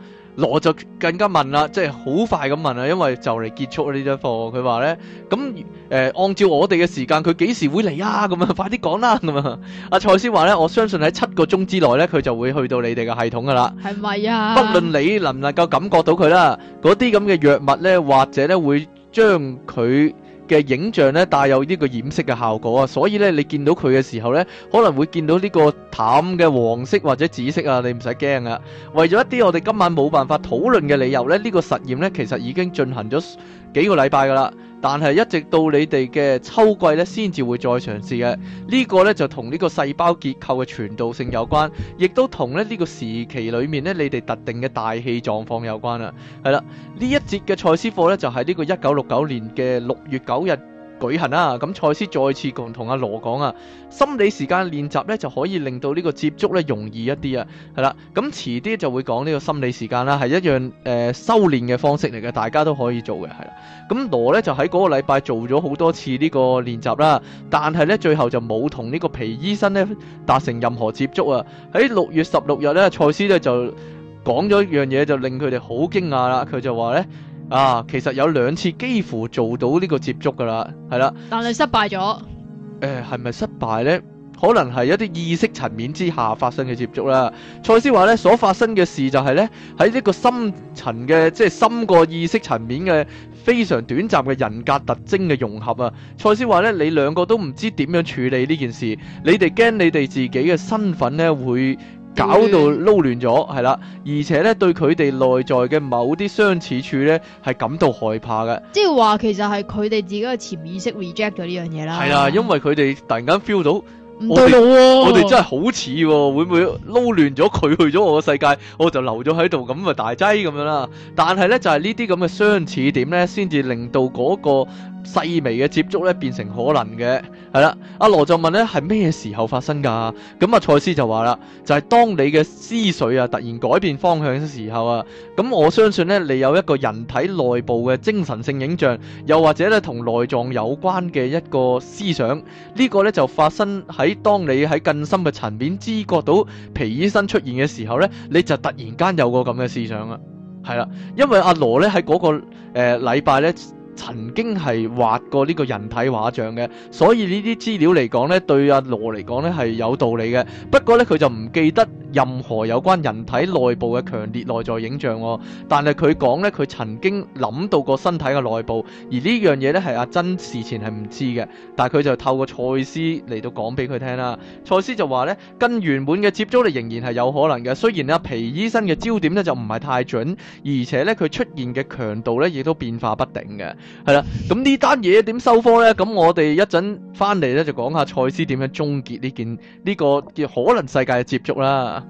[SPEAKER 2] 我就更加問啦，即係好快咁問啦，因為就嚟結束呢張課。佢話咧，咁誒、呃、按照我哋嘅時間，佢幾時會嚟啊？咁啊，快啲講啦！咁啊，阿賽斯話咧，我相信喺七個鐘之內咧，佢就會去到你哋嘅系統噶啦。
[SPEAKER 1] 係咪啊？不論
[SPEAKER 2] 你能唔能夠感覺到佢啦，嗰啲咁嘅藥物咧，或者咧會將佢嘅影像咧帶有呢個染色嘅效果啊，所以咧你見到佢嘅時候咧，可能會見到呢個淡嘅黃色或者紫色啊，你唔使驚啊。為咗一啲我哋今晚冇辦法討論嘅理由咧，呢、呢個實驗咧其實已經進行咗幾個禮拜噶啦。但係一直到你哋嘅秋季咧，先至會再嘗試嘅。呢個咧就同呢個細胞結構嘅傳導性有關，亦都同咧呢個時期裏面咧你哋特定嘅大氣狀況有關啦。係啦，呢一節嘅賽斯課咧就係呢個一九六九年嘅六月九日，舉行啊！咁賽斯再次同同阿羅講啊，心理時間練習咧就可以令到呢個接觸咧容易一啲啊，係啦。咁遲啲就會講呢個心理時間啦，係一樣誒、呃、修煉嘅方式嚟嘅，大家都可以做嘅，係啦。咁羅咧就喺嗰個禮拜做咗好多次呢個練習啦，但係咧最後就冇同呢個皮醫生咧達成任何接觸啊。喺六月十六日咧，賽斯咧就講咗一樣嘢，就，就令佢哋好驚訝啦。佢就話咧。啊，其實有兩次幾乎做到呢個接觸噶啦，係啦，
[SPEAKER 1] 但係失敗咗。
[SPEAKER 2] 誒、欸，係咪失敗呢？可能係一啲意識層面之下發生嘅接觸啦。賽斯話呢，所發生嘅事就係呢，喺一個深層嘅，即係深過意識層面嘅非常短暫嘅人格特徵嘅融合啊。賽斯話呢，你兩個都唔知點樣處理呢件事，你哋驚你哋自己嘅身份呢會。搞到撈亂咗，係啦，而且咧對佢哋內在嘅某啲相似處咧，係感到害怕嘅。
[SPEAKER 1] 即係話，其實係佢哋自己嘅潛意識 reject 咗呢樣嘢啦。係啦，
[SPEAKER 2] 因為佢哋突然間 feel 到唔對路，我哋真係好似會唔會撈亂咗佢去咗我嘅世界，我就留咗喺度，咁啊大劑咁樣啦。但係咧就係呢啲咁嘅相似點咧，先至令到嗰個，細微嘅接觸咧，變成可能嘅，係啦。阿羅就問咧，係咩時候發生噶？咁、嗯、啊，賽斯就話啦，就係、是、當你嘅思緒啊，突然改變方向嘅時候啊，咁我相信咧，你有一個人體內部嘅精神性影像，又或者咧，同內臟有關嘅一個思想，這個、呢個咧就發生喺當你喺更深嘅層面知覺到皮醫生出現嘅時候咧，你就突然間有個咁嘅思想啦、啊。係啦，因為阿羅咧喺嗰個誒、呃、禮拜咧。曾經係畫過呢個人體畫像嘅，所以呢啲資料嚟講呢，對阿羅嚟講呢，係有道理嘅。不過呢，佢就唔記得任何有關人體內部嘅強烈內在影像喎、哦。但係佢講呢，佢曾經諗到過身體嘅內部，而呢樣嘢呢係阿珍事前係唔知嘅。但係佢就透過賽斯嚟到講俾佢聽啦。賽斯就話呢，跟原本嘅接觸力仍然係有可能嘅。雖然阿皮醫生嘅焦點呢就唔係太準，而且呢，佢出現嘅強度呢亦都變化不定嘅。係啦，咁呢單嘢，點收科呢？咁我哋一陣翻嚟咧就講下賽斯點樣終結呢件呢、呢個叫可能世界嘅接觸啦。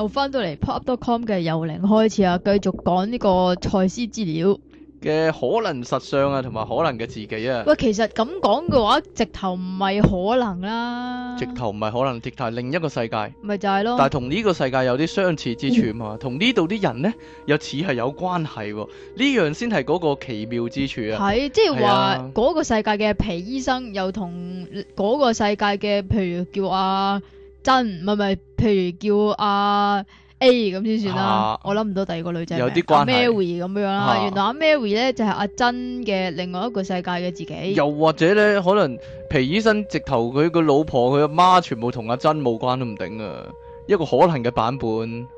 [SPEAKER 1] 又翻到嚟 pop.com 嘅由零開始啊，繼續講呢個賽斯資料
[SPEAKER 2] 嘅可能實相啊，同埋可能嘅自己啊。喂，
[SPEAKER 1] 其實咁講嘅話，直頭唔係可能啦。
[SPEAKER 2] 直頭唔係可能，直頭係另一個世界。
[SPEAKER 1] 咪就係咯。但係
[SPEAKER 2] 同呢個世界有啲相似之處嘛，同、嗯、呢度啲人咧又似係有關係喎、啊。呢樣先係嗰個奇妙之處啊。係，即係話嗰
[SPEAKER 1] 個世界嘅皮醫生又同嗰個世界嘅，譬如叫阿、啊。真唔係係，譬如叫阿、啊、A 咁先算啦。啊、我諗唔到第二個女仔有叫 Mary 咁樣啦。啊、原來、啊呢就是、阿 Mary 咧就係阿真嘅另外一個世界嘅自己。又
[SPEAKER 2] 或者咧，可能皮醫生直頭佢個老婆佢阿媽全部同阿真冇關都唔定啊。一個可能嘅版本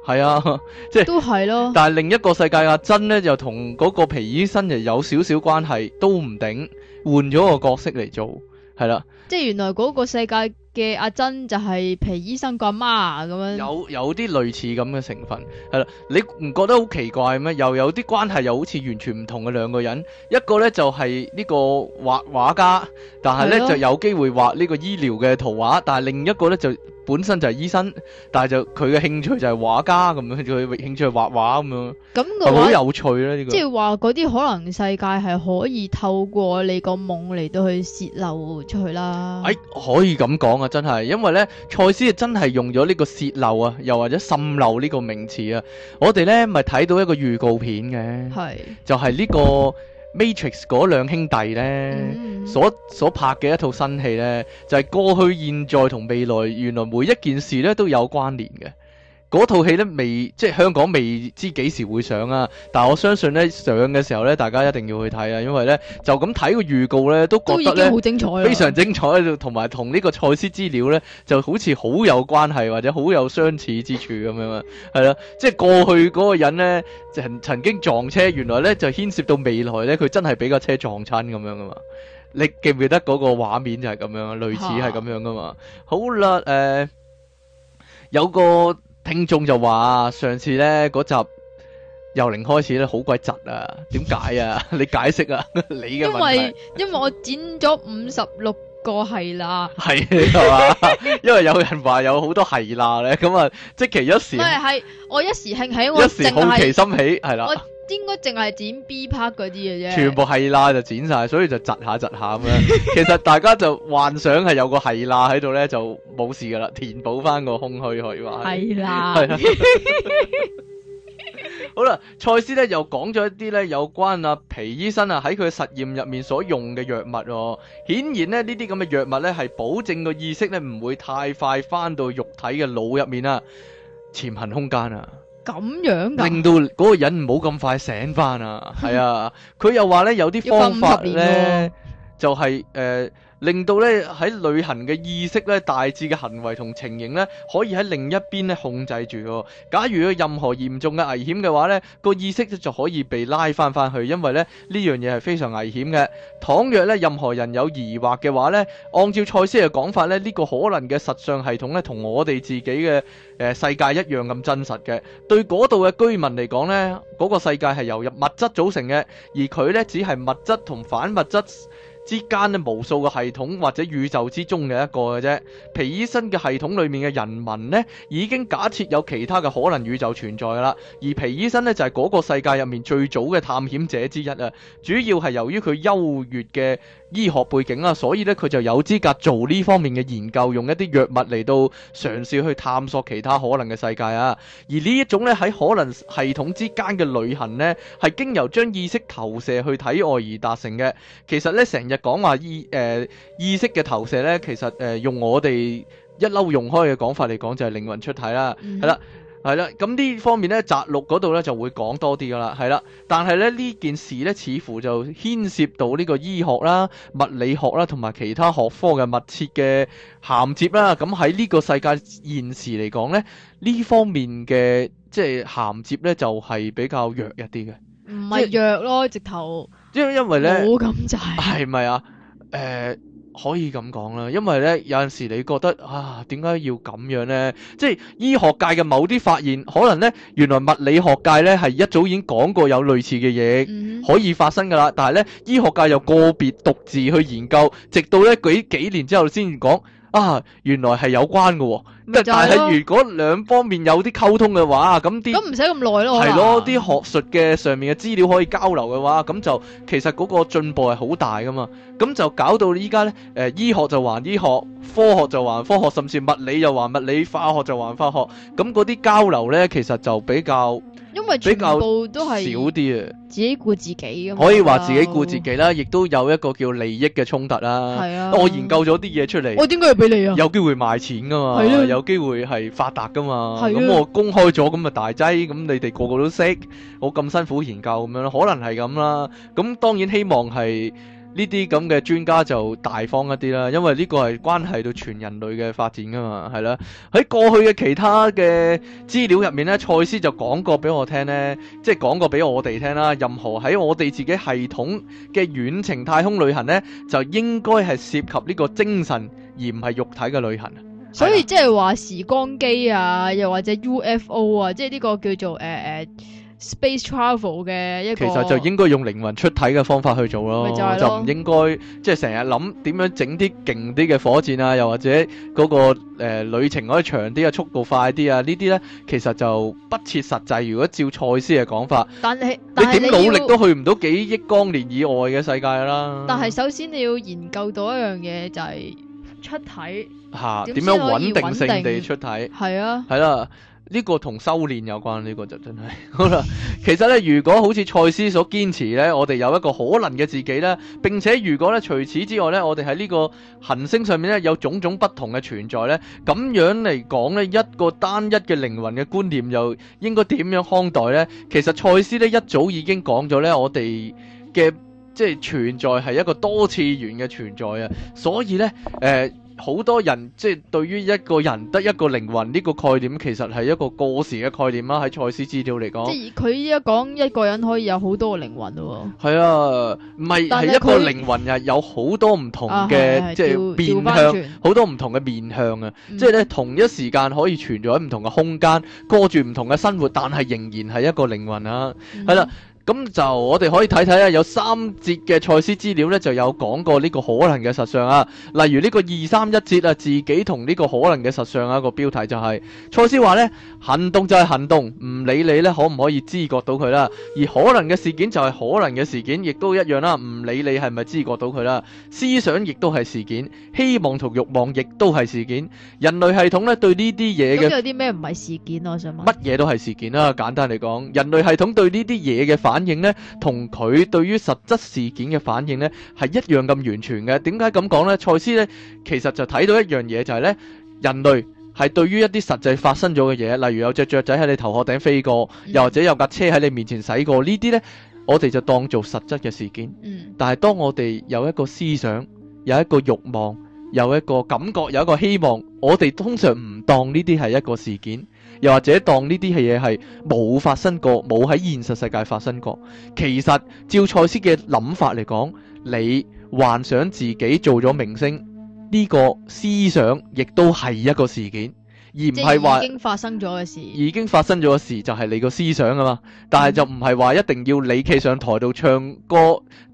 [SPEAKER 2] 係啊，即 係說都係咯。但係另一個世界阿真咧就同嗰個皮醫生就有少少關係都唔定，換咗個角色嚟做係啦。
[SPEAKER 1] 即係、啊、原來嗰個世界。嘅阿珍就係皮醫生個媽咁樣，
[SPEAKER 2] 有有啲類似咁嘅成分係啦。你唔覺得好奇怪咩？又有啲關係，又好似完全唔同嘅兩個人。一個呢就係、是、呢個畫畫家，但係呢的就有機會畫呢個醫療嘅圖畫。但係另一個呢就。本身就係醫生，但係就佢嘅興趣就係畫家咁樣，佢興趣係畫畫咁
[SPEAKER 1] 樣，係好有
[SPEAKER 2] 趣咧、啊。呢、這個即係
[SPEAKER 1] 話嗰啲可能世界係可以透過你個夢嚟到去泄漏出去啦。
[SPEAKER 2] 哎，可以咁講啊，真係，因為咧，賽斯真係用咗呢個泄漏啊，又或者滲漏呢個名詞啊，嗯、我哋咧咪睇到一個預告片嘅，係是就係呢、這個。 Matrix 嗰兩兄弟咧、mm hmm.，所所拍嘅一套新戲咧，就係、是、過去、現在同未來，原來每一件事咧都有關聯嘅。嗰套戲呢，未，即係香港未知幾時會上啊！但係我相信呢，上嘅時候呢，大家一定要去睇啊，因為呢，就咁睇個預告呢，都覺得呢都好精彩，非常精彩，啊，同埋同呢個賽斯資料呢，就好似好有關係或者好有相似之處咁樣啊！係啦， 即係過去嗰個人呢，曾曾經撞車，原來呢，就牽涉到未來呢，佢真係俾架車撞親咁樣噶嘛？你記唔記得嗰個畫面就係咁樣啊？類似係咁樣噶嘛？ 好啦，誒、呃，有個。聽眾就話：上次咧嗰集由零開始咧好鬼窒啊，點解啊？ 你解釋釋啊， 你嘅問因為
[SPEAKER 1] 因為我剪咗五十六個係啦 ，
[SPEAKER 2] 係係嘛？因為有人話有好多係啦咧，咁啊即其一時，唔係
[SPEAKER 1] 係我一時興起，我一時好奇心
[SPEAKER 2] 起係啦。我
[SPEAKER 1] 應該淨係剪 B part 嗰啲嘅啫，全
[SPEAKER 2] 部係啦就剪晒，所以就窒下窒下咁樣。 其實大家就幻想係有個係啦喺度咧，就冇事噶啦，填補翻個空虛去玩。係啦，係好啦，賽斯咧又講咗一啲咧有關啊皮醫生啊喺佢實驗入面所用嘅藥物哦、啊。顯然咧呢啲咁嘅藥物咧係保證個意識咧唔會太快翻到肉體嘅腦入面啊，潛行空間啊。
[SPEAKER 1] 咁樣嘅令
[SPEAKER 2] 到嗰個人唔好咁快醒翻 啊！係啊，佢又話咧有啲方法咧，就係、是、誒。呃令到咧喺旅行嘅意識咧，大致嘅行為同情形咧，可以喺另一邊咧控制住。假如有任何嚴重嘅危險嘅話咧，嗰個意識就可以被拉翻翻去，因為咧呢樣嘢係非常危險嘅。倘若咧任何人有疑惑嘅話咧，按照賽斯嘅講法咧，呢、呢個可能嘅實相系統咧，同我哋自己嘅誒、呃、世界一樣咁真實嘅。對嗰度嘅居民嚟講咧，嗰、嗰個世界係由物質組成嘅，而佢咧只係物質同反物質。之間咧無數個系統或者宇宙之中嘅一個嘅啫。皮醫生嘅系統裏面嘅人民呢，已經假設有其他嘅可能宇宙存在噶啦。而皮醫生呢，就係、是、嗰個世界入面最早嘅探險者之一啊。主要係由於佢優越嘅醫學背景啊，所以呢，佢就有資格做呢方面嘅研究，用一啲藥物嚟到嘗試去探索其他可能嘅世界啊。而呢一種咧喺可能系統之間嘅旅行呢，係經由將意識投射去體外而達成嘅。其實呢，成。就講話意誒、呃、意識嘅投射咧，其實誒、呃、用我哋一嬲用開嘅講法嚟講，就係靈魂出體啦，係啦、嗯哼，係啦。咁呢方面咧，摘錄嗰度咧就會講多啲噶啦，係啦。但係咧呢件事咧，似乎就牽涉到呢個醫學啦、物理學啦，同埋其他學科嘅密切嘅銜接啦。咁喺呢個世界現時嚟講咧，呢方面嘅即係銜接咧，就係、是、比較弱一啲嘅，
[SPEAKER 1] 唔係弱咯，直頭。
[SPEAKER 2] 因因為咧，係咪、就是、啊？誒、呃，可以咁講啦。因為咧，有陣時你覺得啊，點解要咁樣咧？即係醫學界嘅某啲發現，可能咧，原來物理學界咧係一早已經講過有類似嘅嘢、嗯、可以發生噶啦。但係咧，醫學界又個別獨自去研究，直到咧幾幾年之後先講。啊，原來係有關嘅喎，但係如果兩方面有啲溝通嘅話啊，咁啲咁
[SPEAKER 1] 唔使咁耐咯，係咯，
[SPEAKER 2] 啲學術嘅上面嘅資料可以交流嘅話，咁就其實嗰個進步係好大噶嘛，咁就搞到依家呢，誒、呃、醫學就還醫學，科學就還科學，甚至物理又還物理，化學就還化學，咁嗰啲交流呢，其實就比較。
[SPEAKER 1] 因為比較都係少啲啊，自己顧自己噶嘛，可以話自己
[SPEAKER 2] 顧自己啦，亦都有一個叫利益嘅衝突啦。係啊，我研究咗啲嘢出嚟，我點解要俾你啊？有機會賣錢噶嘛，係啊、有機會係發達噶嘛。咁、啊、我公開咗，咁咪大劑，咁你哋個個都識。我咁辛苦研究咁樣咯，可能係咁啦。咁當然希望係。呢啲咁嘅專家就大方一啲啦，因為呢個係關係到全人類嘅發展噶嘛，係啦。喺過去嘅其他嘅資料入面呢，賽斯就講過俾我聽呢，即係講過俾我哋聽啦。任何喺我哋自己系統嘅遠程太空旅行呢，就應該係涉及呢個精神而唔係肉體嘅旅行。所以即係
[SPEAKER 1] 話時光機啊，又或者 UFO 啊，即係呢個叫做誒誒。呃呃 space travel 嘅一個，其實就應
[SPEAKER 2] 該用靈魂出體嘅方法去做咯，就唔應該即係成日諗點樣整啲勁啲嘅火箭啊，又或者嗰個誒旅程可以長啲啊，速度快啲啊，呢啲咧其實就不切實際。如果照賽斯嘅講法，
[SPEAKER 1] 但係你點努力都
[SPEAKER 2] 去唔到幾億光年以外嘅世界啦。但
[SPEAKER 1] 係首先你要研究到一樣嘢就係出體，
[SPEAKER 2] 嚇點樣穩定性地出體係啊，係啦。呢個同修煉有關，呢、這個就真係好啦。 其實咧，如果好似賽斯所堅持咧，我哋有一個可能嘅自己咧。並且如果咧，除此之外咧，我哋喺呢個行星上面咧，有種種不同嘅存在咧。咁樣嚟講咧，一個單一嘅靈魂嘅觀念又應該點樣看待咧？其實賽斯咧一早已經講咗咧，我哋嘅即係存在係一個多次元嘅存在啊。所以咧，誒、呃。好多人即係對於一個人得一個靈魂呢、這個概念，其實係一個過時嘅概念啦。喺賽斯資料嚟講，即係
[SPEAKER 1] 佢一講一個人可以有好多個靈魂咯、
[SPEAKER 2] 哦，係啊，唔係係一個靈魂，啊，有好多唔同嘅即係面向，好多唔同嘅面向啊。即係咧同一時間可以存在喺唔同嘅空間，過住唔同嘅生活，但係仍然係一個靈魂啊。係啦。咁就我哋可以睇睇啊，有三節嘅賽斯資料咧，就有講過呢個可能嘅實相啊。例如呢個二三一節啊，自己同呢個可能嘅實相啊個標題就係、是、賽斯話咧。行動就係行動，唔理你咧可唔可以知覺到佢啦。而可能嘅事件就係可能嘅事件，亦都一樣啦。唔理你係咪知覺到佢啦。思想亦都係事件，希望同慾望亦都係事件。人類系統咧對呢啲嘢嘅有
[SPEAKER 1] 啲咩唔係事件啊？我想問
[SPEAKER 2] 乜嘢都係事件啦。簡單嚟講，人類系統對呢啲嘢嘅反應咧，同佢對於實質事件嘅反應咧係一樣咁完全嘅。點解咁講咧？賽斯咧其實就睇到一樣嘢，就係咧人類。係對於一啲實際發生咗嘅嘢，例如有隻雀仔喺你頭殼頂飛過，又或者有架車喺你面前駛過，呢啲呢，我哋就當做實質嘅事件。但係當我哋有一個思想、有一個慾望、有一個感覺、有一個希望，我哋通常唔當呢啲係一個事件，又或者當呢啲係嘢係冇發生過、冇喺現實世界發生過。其實照賽斯嘅諗法嚟講，你幻想自己做咗明星。呢個思想亦都係一個事件。而唔係話已經
[SPEAKER 1] 發生咗嘅事，已
[SPEAKER 2] 經發生咗嘅事就係你個思想啊嘛。但係就唔係話一定要你企上台度唱歌，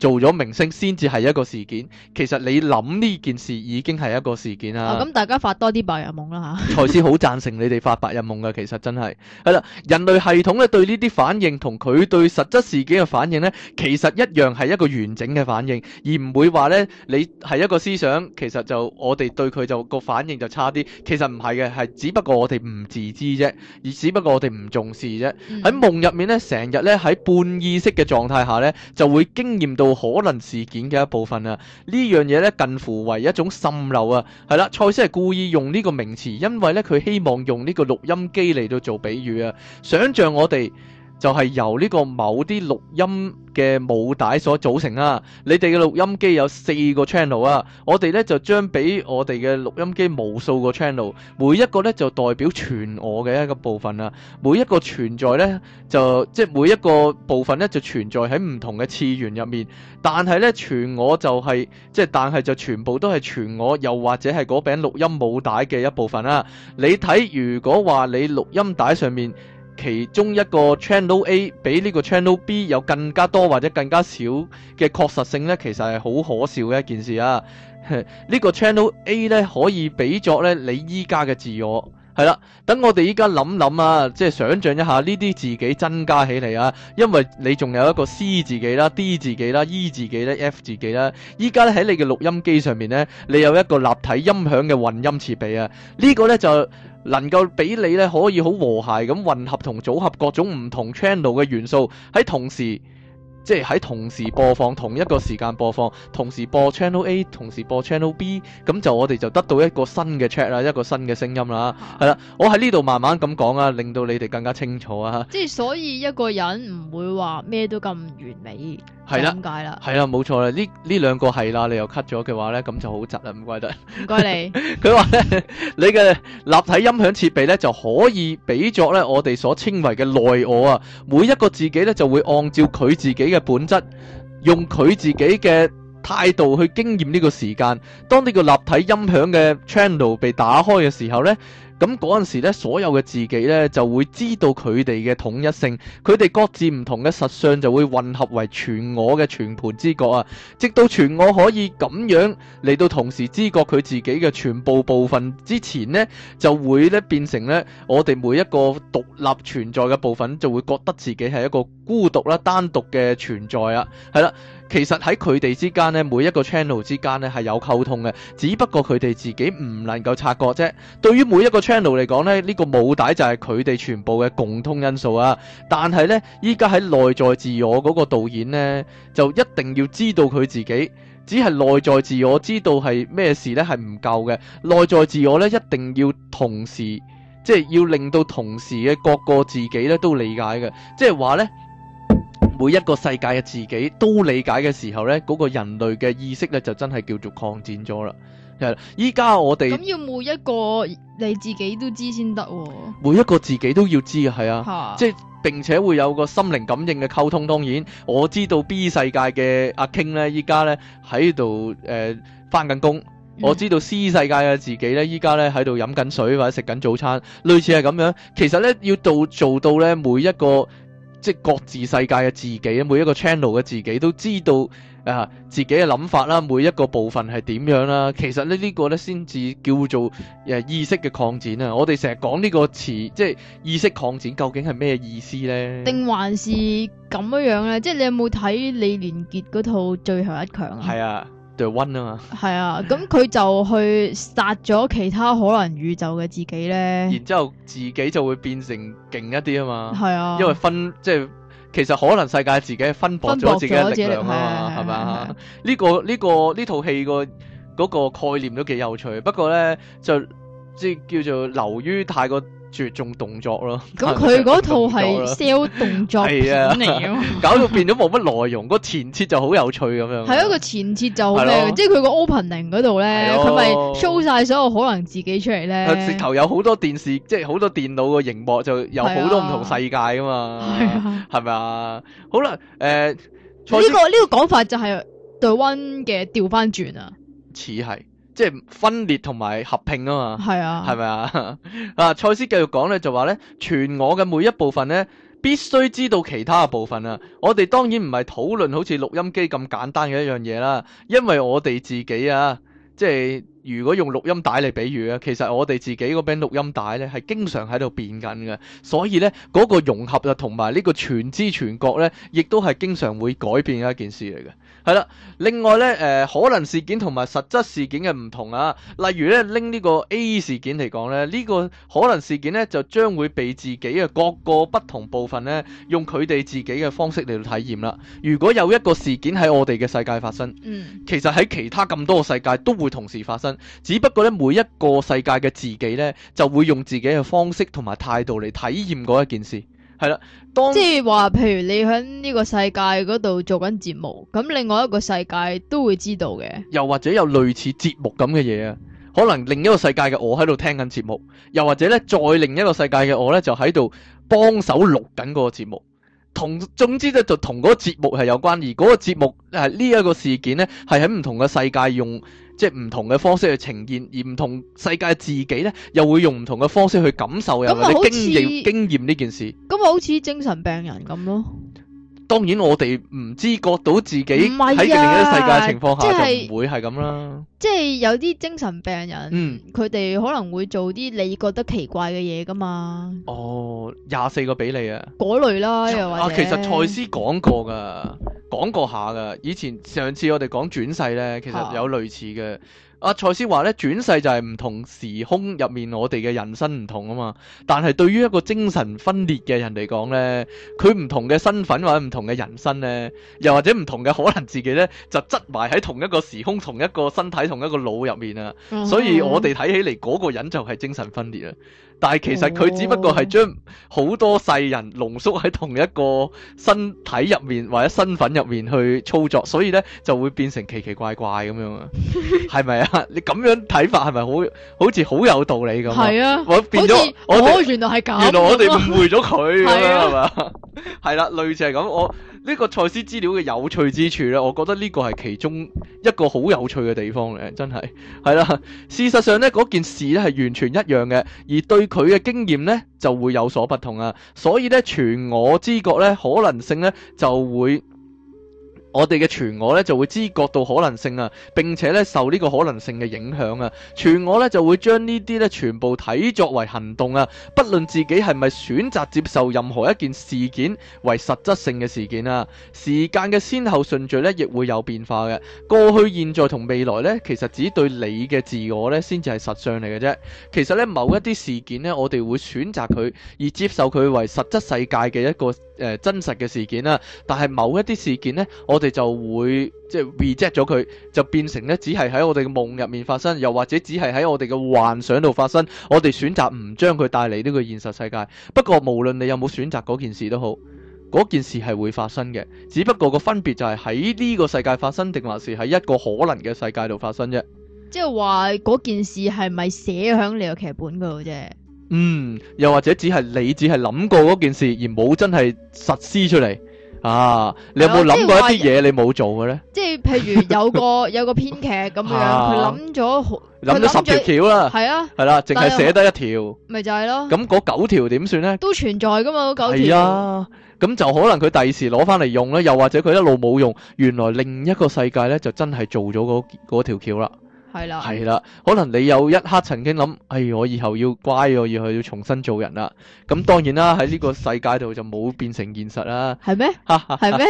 [SPEAKER 2] 做咗明星先至係一個事件。其實你諗呢件事已經係一個事件啦。咁、
[SPEAKER 1] 哦、大家發多啲白日夢啦吓，
[SPEAKER 2] 賽斯好贊成你哋發白日夢嘅，其實真係係啦。人類系統咧對呢啲反應同佢對實質事件嘅反應咧，其實一樣，係一個完整嘅反應，而唔會話咧你係一個思想，其實就我哋對佢就個反應就差啲。其實唔係嘅，係。只不過我哋唔自知啫，而只不過我哋唔重視啫。喺、嗯、夢入面咧，成日咧喺半意識嘅狀態下咧，就會經驗到可能事件嘅一部分啊。樣呢樣嘢咧，近乎為一種滲漏啊。係啦，賽斯係故意用呢個名詞，因為咧佢希望用呢個錄音機嚟到做比喻啊。想像我哋。就係由呢個某啲錄音嘅母帶所組成啦、啊。你哋嘅錄音機有四個 channel 啊，我哋咧就將俾我哋嘅錄音機無數個 channel，每一個咧就代表全我嘅一個部分啊！每一個存在咧，就即係每一個部分咧就存在喺唔同嘅次元入面，但係咧全我就係、是、即係但係就全部都係全我，又或者係嗰餅錄音母帶嘅一部分啦、啊。你睇，如果話你錄音帶上面。其中一個 channel A 比呢個 channel B 有更加多或者更加少嘅確實性呢，其實係好可笑嘅一件事啊！ 個呢個 channel A 咧可以比作咧你依家嘅自我係啦， 等我哋依家諗諗啊，即係想象一下呢啲自己增加起嚟啊！因為你仲有一個 C 自己啦、D 自己啦、E 自己啦、F 自己啦，依家咧喺你嘅錄音機上面呢，你有一個立體音響嘅混音設備啊，呢、呢個呢，就。能夠俾你咧可以好和諧咁混合同組合各種唔同 channel 嘅元素，喺同時。即係喺同時播放同一個時間播放，同時播 channel A，同時播 channel B，咁就我哋就得到一個新嘅 check 啦，一個新嘅聲音啦，係啦、啊。我喺呢度慢慢咁講啊，令到你哋更加清楚啊。即
[SPEAKER 1] 係所以一個人唔會話咩都咁完美，係啦，點解啦。係
[SPEAKER 2] 啦，冇錯啦，呢呢兩個係啦，你又 cut 咗嘅話咧，咁就好窒啦，唔怪得。
[SPEAKER 1] 唔怪你。佢話咧，
[SPEAKER 2] 你嘅立體音響設備咧就可以比作咧我哋所稱為嘅內我啊，每一個自己咧就會按照佢自己嘅。本質用佢自己嘅態度去經驗呢個時間，當呢個立體音響嘅 channel 被打開嘅時候咧。咁嗰陣時咧，所有嘅自己咧就會知道佢哋嘅統一性，佢哋各自唔同嘅實相就會混合為全我嘅全盤知覺啊！直到全我可以咁樣嚟到同時知覺佢自己嘅全部部分之前呢，就會咧變成咧我哋每一個獨立存在嘅部分就會覺得自己係一個孤獨啦、單獨嘅存在啊，係啦。其實喺佢哋之間咧，每一個 channel 之間咧係有溝通嘅，只不過佢哋自己唔能夠察覺啫。對於每一個 channel 嚟講咧，呢個母帶就係佢哋全部嘅共通因素啊。但係呢，依家喺內在自我嗰個導演呢，就一定要知道佢自己，只係內在自我知道係咩事呢係唔夠嘅。內在自我呢，一定要同時，即係要令到同時嘅各個自己咧都理解嘅，即係話呢。每一個世界嘅自己都理解嘅時候呢嗰、嗰個人類嘅意識呢，就真係叫做擴展咗啦。係，依家我哋咁要
[SPEAKER 1] 每一個你自己都知先得、
[SPEAKER 2] 哦。每一個自己都要知啊，係啊， 即係並且會有個心靈感應嘅溝通。當然，我知道 B 世界嘅阿 King 呢，依家呢喺度誒返緊工。呃嗯、我知道 C 世界嘅自己呢，依家呢喺度飲緊水或者食緊早餐，類似係咁樣。其實呢，要做，做到呢每一個。即各自世界嘅自己，每一個 channel 嘅自己都知道啊，自己嘅諗法啦，每一個部分係點樣啦。其實呢、這個、呢個咧先至叫做誒、啊、意識嘅擴展啊。我哋成日講呢個詞，即係意識擴展，究竟係咩意思咧？
[SPEAKER 1] 定還是咁樣樣咧？即係你有冇睇李連杰嗰套《最後一強》啊？係
[SPEAKER 2] 啊。就溫啊嘛 ，
[SPEAKER 1] 係啊，咁佢就去殺咗其他可能宇宙嘅自己咧，
[SPEAKER 2] 然之後自己就會變成勁一啲啊嘛，係 啊，因為分即係其實可能世界自己分薄咗自己嘅力量嘛啊，係咪呢個呢，呢個呢套戲嗰個概念都幾有趣，不過咧就即係叫做流於太過。注重動作咯，咁佢嗰套係 sell
[SPEAKER 1] 動作片嚟
[SPEAKER 2] 嘅， 啊、 搞到變咗冇乜內容。個 前設就好有趣咁樣，係 啊，前設
[SPEAKER 1] 咯個前設就好靚，即係佢個 opening 嗰度咧，佢咪咯 show 晒所有可能自己出嚟咧。直
[SPEAKER 2] 頭有好多電視，即係好多電腦個熒幕就有好多唔同世界噶嘛，係咪啊，啊？好啦，誒、呃，呢、這個呢蔡
[SPEAKER 1] 個講法就係 The One 嘅掉返
[SPEAKER 2] 轉啊，似係。即係分裂同埋合併啊嘛，係是啊是吧，係咪啊？啊，賽斯繼續講咧就話咧，全我嘅每一部分咧，必須知道其他嘅部分啊。我哋當然唔係討論好似錄音機咁簡單嘅一樣嘢啦，因為我哋自己啊，即係。如果用錄音帶嚟比喻咧，其實我哋自己個 band 錄音帶咧係經常喺度變緊嘅，所以咧嗰個融合啊同埋呢個全知全覺咧，亦都係經常會改變嘅一件事嚟嘅。係啦，另外咧誒、呃、可能事件同埋實質事件嘅唔同啊，例如咧拎呢個 A 事件嚟講咧，呢、呢個可能事件咧就將會被自己嘅各個不同部分咧用佢哋自己嘅方式嚟到體驗啦。如果有一個事件喺我哋嘅世界發生，嗯，其實喺其他咁多個世界都會同時發生。只不過咧每一個世界嘅自己呢，就會用自己嘅方式同埋態度嚟體驗嗰一件事，係啦。
[SPEAKER 1] 當即係話，譬如你喺呢個世界嗰度做緊節目，咁另外一個世界都會知道嘅。
[SPEAKER 2] 又或者有類似節目咁嘅嘢啊，可能另一個世界嘅我喺度聽緊節目，又或者呢，再另一個世界嘅我呢，就喺度幫手錄緊嗰個節目。同，總之就就同嗰個節目係有關係，而嗰個節目係呢一個事件呢，係喺唔同嘅世界用即係唔同嘅方式去呈現，而唔同世界自己呢，又會用唔同嘅方式去感受又或者經，經驗呢件事，
[SPEAKER 1] 咁咪好似精神病人咁咯。
[SPEAKER 2] 當然我哋唔知覺到自己喺、啊、另一世界嘅情況下，是就唔會係咁啦。
[SPEAKER 1] 即係有啲精神病人，嗯，佢哋可能會做啲你覺得奇怪嘅嘢噶嘛。
[SPEAKER 2] 哦，廿四個比利啊，
[SPEAKER 1] 嗰類啦，又或者啊，其實賽斯
[SPEAKER 2] 講過噶，講過下噶。以前上次我哋講轉世咧，其實有類似嘅。啊。阿賽斯話咧，轉世就係唔同時空入面，我哋嘅人生唔同啊嘛。但係對於一個精神分裂嘅人嚟講咧，佢唔同嘅身份或者唔同嘅人生咧，又或者唔同嘅可能自己咧，就執埋喺同一個時空、同一個身體、同一個腦入面啊。所以我哋睇起嚟嗰個人就係精神分裂啊。但係其實佢只不過係將好多世人濃縮喺同一個身體入面或者身份入面去操作，所以咧就會變成奇奇怪怪咁樣啊？係咪 啊？你咁樣睇法係咪好好似好有道理咁啊？係啊，我變咗，我原來係咁，原來我哋誤會咗佢咁係嘛？係啦、啊是吧 啊，類似係咁我。呢個賽斯資料嘅有趣之處咧，我覺得呢個係其中一個好有趣嘅地方咧，真係係啦。 事實上呢，嗰件事咧係完全一樣嘅，而對佢嘅經驗呢，就會有所不同啊。所以呢，全我知覺呢，可能性呢，就會。我哋嘅全我咧就會知覺到可能性啊，並且咧受呢個可能性嘅影響啊，全我咧就會將呢啲咧全部睇作為行動啊，不論自己係咪選擇接受任何一件事件為實質性嘅事件啊，時間嘅先後順序咧亦會有變化嘅，過去、現在同未來咧其實只對你嘅自我咧先至係實相嚟嘅啫，其實咧某一啲事件咧我哋會選擇佢而接受佢為實質世界嘅一個。誒、呃，真實嘅事件啦，啊，但係某一啲事件呢，我哋就會即係、就是、reject 咗佢，就變成呢，只係喺我哋嘅夢入面發生，又或者只係喺我哋嘅幻想度發生，我哋選擇唔將佢帶嚟呢個現實世界。不過無論你有冇選擇嗰件事都好，嗰件事係會發生嘅，只不過個分別就係喺呢個世界發生，定或是喺一個可能嘅世界度發生啫。
[SPEAKER 1] 即係話嗰件事係咪寫響你嘅劇本嗰度啫？
[SPEAKER 2] 嗯，又或者只係你只係諗過嗰件事，而冇真係實施出嚟啊！你有冇諗過一啲嘢你冇做嘅咧？
[SPEAKER 1] 即係譬如有個有個編劇咁樣，佢諗咗好
[SPEAKER 2] 諗咗十條橋啦，係啊，係啦，淨係寫得一條，
[SPEAKER 1] 咪就係咯。咁
[SPEAKER 2] 嗰九條點算咧？
[SPEAKER 1] 都存在噶嘛，嗰九條。係啊，
[SPEAKER 2] 咁就可能佢第二時攞翻嚟用咧，又或者佢一路冇用，原來另一個世界咧就真係做咗嗰嗰條橋啦。係啦，係啦，嗯、可能你有一刻曾經諗，哎，我以後要乖，我以後要重新做人啦。咁當然啦，喺呢個世界度就冇變成現實啦。係咩？係咩？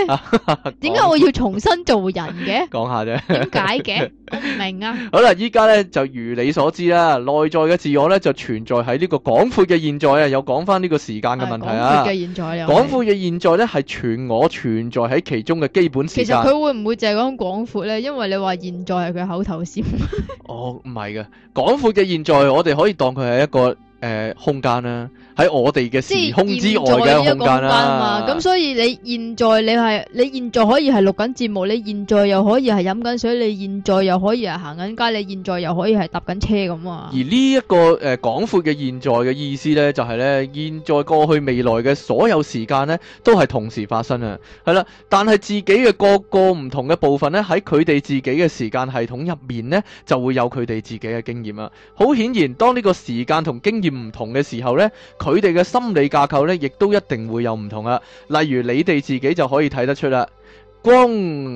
[SPEAKER 1] 點解 我要重新做人嘅？
[SPEAKER 2] 講 下啫， 點解嘅？我唔明啊！好啦，依家咧就如你所知啦，內在嘅自我咧就存在喺呢個廣闊嘅現在啊。又講翻呢個時間嘅問題啊！廣闊嘅、哎、現在啊！廣闊嘅現在咧係你看 全我存在喺其中嘅基本時間。其實佢
[SPEAKER 1] 會唔會就係講廣闊咧？因為你話現在係佢口頭禪。
[SPEAKER 2] 哦，唔係嘅，廣闊嘅現在，我哋可以當佢係一個誒、呃、空間啦。喺我哋嘅時空之外嘅一個空間嘛，咁所
[SPEAKER 1] 以你現在你係你現在可以係錄緊節目，你現在又可以係飲緊水，你現在又可以係行緊街，你現在又可以係搭緊車咁啊！
[SPEAKER 2] 而呢一個誒廣闊嘅現在嘅意思咧，就係咧現在過去未來嘅所有時間咧，都係同時發生啊！係啦，但係自己嘅個個唔同嘅部分咧，喺佢哋自己嘅時間系統入面咧，就會有佢哋自己嘅經驗啊！好顯然，當呢個時間同經驗唔同嘅時候咧，佢。佢哋嘅心理架構呢，亦都一定會有唔同啊。例如你哋自己就可以睇得出啦。光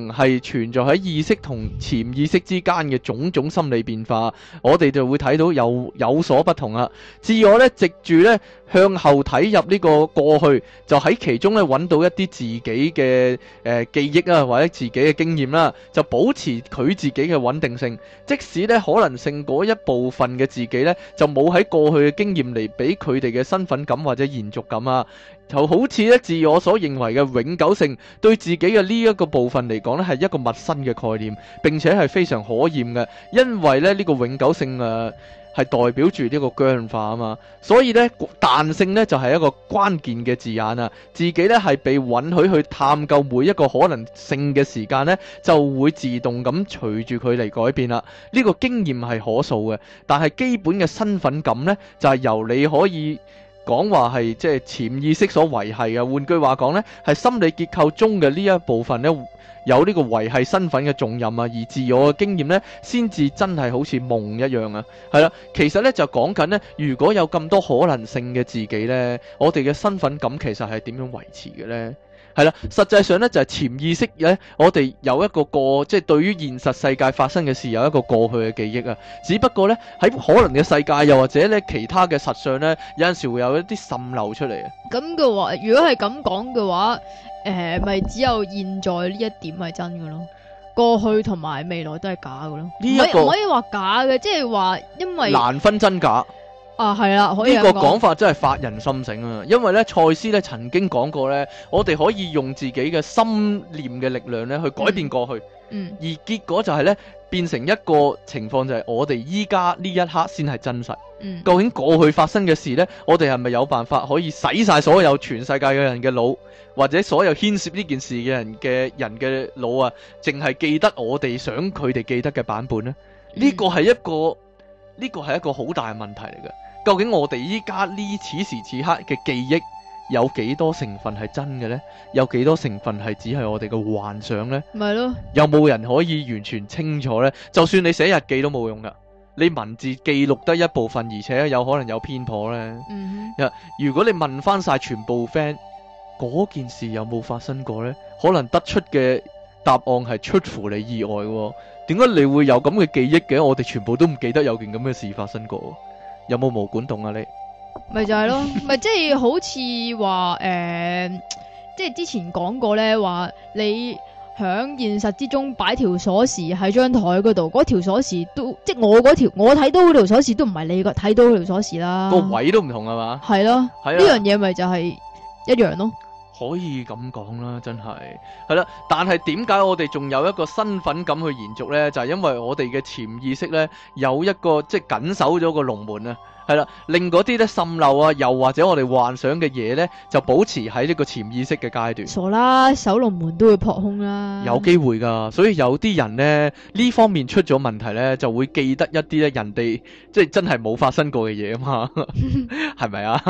[SPEAKER 2] 係存在喺意識同潛意識之間嘅種種心理變化，我哋就會睇到有有所不同啦。自我咧，藉住咧向後睇入呢個過去，就喺其中咧揾到一啲自己嘅誒、呃、記憶啊，或者自己嘅經驗啦、啊，就保持佢自己嘅穩定性，即使咧可能性嗰一部分嘅自己咧，就冇喺過去嘅經驗嚟俾佢哋嘅身份感或者延續感啊。好似咧，自我所認為嘅永久性，對自己嘅呢一個部分嚟講呢係一個陌生嘅概念，並且係非常可厭嘅，因為咧呢、呢個永久性誒係、呃、代表住呢個僵化啊嘛，所以呢彈性呢就係、係、一個關鍵嘅字眼啊，自己呢係被允許去探究每一個可能性嘅時間呢，就會自動咁隨住佢嚟改變啦。呢、呢個經驗係可數嘅，但係基本嘅身份感呢，就係、係、由你可以。講話係即係潛意識所維繫嘅，換句話講，呢係心理結構中嘅呢一部分，呢有呢個維繫身份嘅重任啊，而自我嘅經驗呢，先至真係好似夢一樣啊。係啦，其實呢就講緊呢，如果有咁多可能性嘅自己呢，我哋嘅身份感其實係點樣維持嘅呢？係啦，實際上咧，就係、是、潛意識咧，我哋有一個過，即係對於現實世界發生嘅事有一個過去嘅記憶啊。只不過咧喺可能嘅世界，又或者咧其他嘅實相咧，有陣時會有一啲滲漏出嚟。啊，
[SPEAKER 1] 咁嘅話，如果係咁講嘅話，誒、呃，咪只有現在呢一點係真嘅咯，過去同埋未來都係假嘅咯。
[SPEAKER 2] 呢唔可以
[SPEAKER 1] 話假嘅，即係話因為難分真假。啊，係啦，呢個講
[SPEAKER 2] 法真係發人心醒啊！因為咧，賽斯咧曾經講過咧，我哋可以用自己嘅心念嘅力量咧去改變過去，嗯嗯、而結果就係咧變成一個情況就係我哋依家呢一刻先係真實。嗯、究竟過去發生嘅事咧，我哋係咪有辦法可以洗晒所有全世界嘅人嘅腦，或者所有牽涉呢件事嘅人嘅人嘅腦啊，淨係記得我哋想佢哋記得嘅版本咧？嗯、呢個係一個呢個係一個好大嘅問題嚟嘅。究竟我哋依家呢此時此刻嘅記憶有幾多成分係真嘅呢？有幾多成分係只係我哋嘅幻想呢？咪咯， 有冇人可以完全清楚呢？就算你寫日記都冇用噶，你文字記錄得一部分，而且有可能有偏頗呢。嗯， 如果你問翻晒全部 friend 嗰件事有冇發生過呢？可能得出嘅答案係出乎你意外喎。點解你會有咁嘅記憶嘅？我哋全部都唔記得有件咁嘅事發生過。有冇毛管洞啊？你
[SPEAKER 1] 咪 就係咯，咪即係好似話誒，即係、呃、即係之前講過咧，話你響現實之中擺條鎖匙喺張台嗰度，嗰條鎖匙都即係、即係、我嗰條，我睇到嗰條鎖匙都唔係你個睇到嗰條鎖匙啦，個
[SPEAKER 2] 位都唔同啊嘛，係咯，係啊，呢樣
[SPEAKER 1] 嘢咪就係一樣咯。
[SPEAKER 2] 可以咁講啦，真係係啦，但係點解我哋仲有一個身份感去延續咧？就係、是、因為我哋嘅潛意識咧有一個即係緊守咗個龍門啊！係啦，令嗰啲咧滲漏啊，又或者我哋幻想嘅嘢咧，就保持喺呢個潛意識嘅階段。傻啦，
[SPEAKER 1] 守龍門都會撲空啦，啊。
[SPEAKER 2] 有機會噶，所以有啲人咧呢方面出咗問題咧，就會記得一啲咧人哋即係真係冇發生過嘅嘢啊嘛，係咪啊？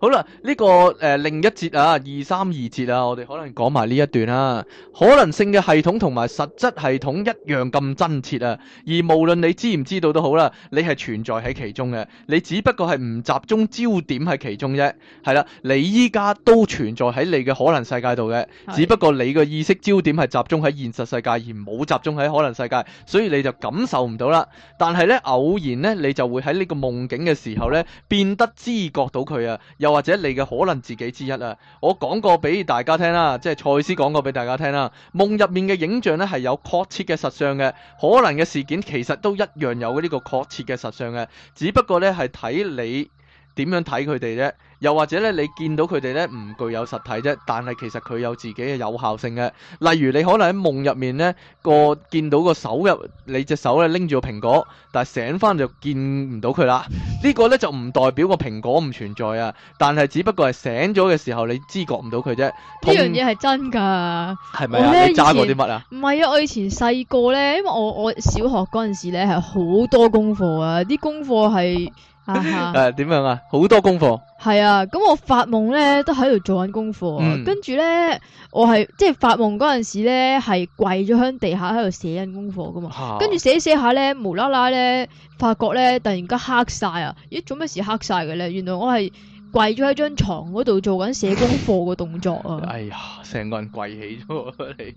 [SPEAKER 2] 好啦，呢，這個誒、呃、另一節啊，二三二節啊，我哋可能講埋呢一段啦。可能性嘅系統同埋實質系統一樣咁真切啊，而無論你知唔知道都好啦，你係存在喺其中嘅，你。只不過係唔集中焦點喺其中啫，係啦，你依家都存在喺你嘅可能世界度嘅，的只不過你嘅意識焦點係集中喺現實世界而冇集中喺可能世界，所以你就感受唔到啦。但係咧偶然咧，你就會喺呢個夢境嘅時候咧變得知覺到佢啊，又或者你嘅可能自己之一啊。我講過俾大家聽啦、啊，即係賽斯講過俾大家聽啦、啊，夢入面嘅影像咧係有確切嘅實相嘅，可能嘅事件其實都一樣有呢個確切嘅實相嘅，只不過咧係。睇你點樣睇佢哋啫，又或者咧，你見到佢哋咧唔具有實體啫，但係其實佢有自己嘅有效性嘅。例如你可能喺夢入面咧，個見到個手入你隻手咧拎住個蘋果，但係醒翻就見唔到佢啦。呢個咧就唔代表個蘋果唔存在啊，但係只不過係醒咗嘅時候你知覺唔到佢啫。係唔係呢樣嘢係
[SPEAKER 1] 真㗎，係咪啊？你揸過啲乜啊？唔係啊！我以前細個咧，因為我我小學嗰陣時咧係好多功課啊，啲功課係。 啊，
[SPEAKER 2] 係、啊、點、啊、樣啊？好多功課
[SPEAKER 1] 係啊，咁我發夢咧都喺度做緊功課，跟住咧我係即係發夢嗰陣時咧係跪咗喺地下喺度寫緊功課噶嘛，跟住寫寫下咧無啦啦咧發覺咧突然間黑晒啊！咦，做咩事黑晒嘅咧？原來我係。跪咗喺張床嗰度做緊寫功課嘅動作啊！哎
[SPEAKER 2] 呀，成個人跪起咗你，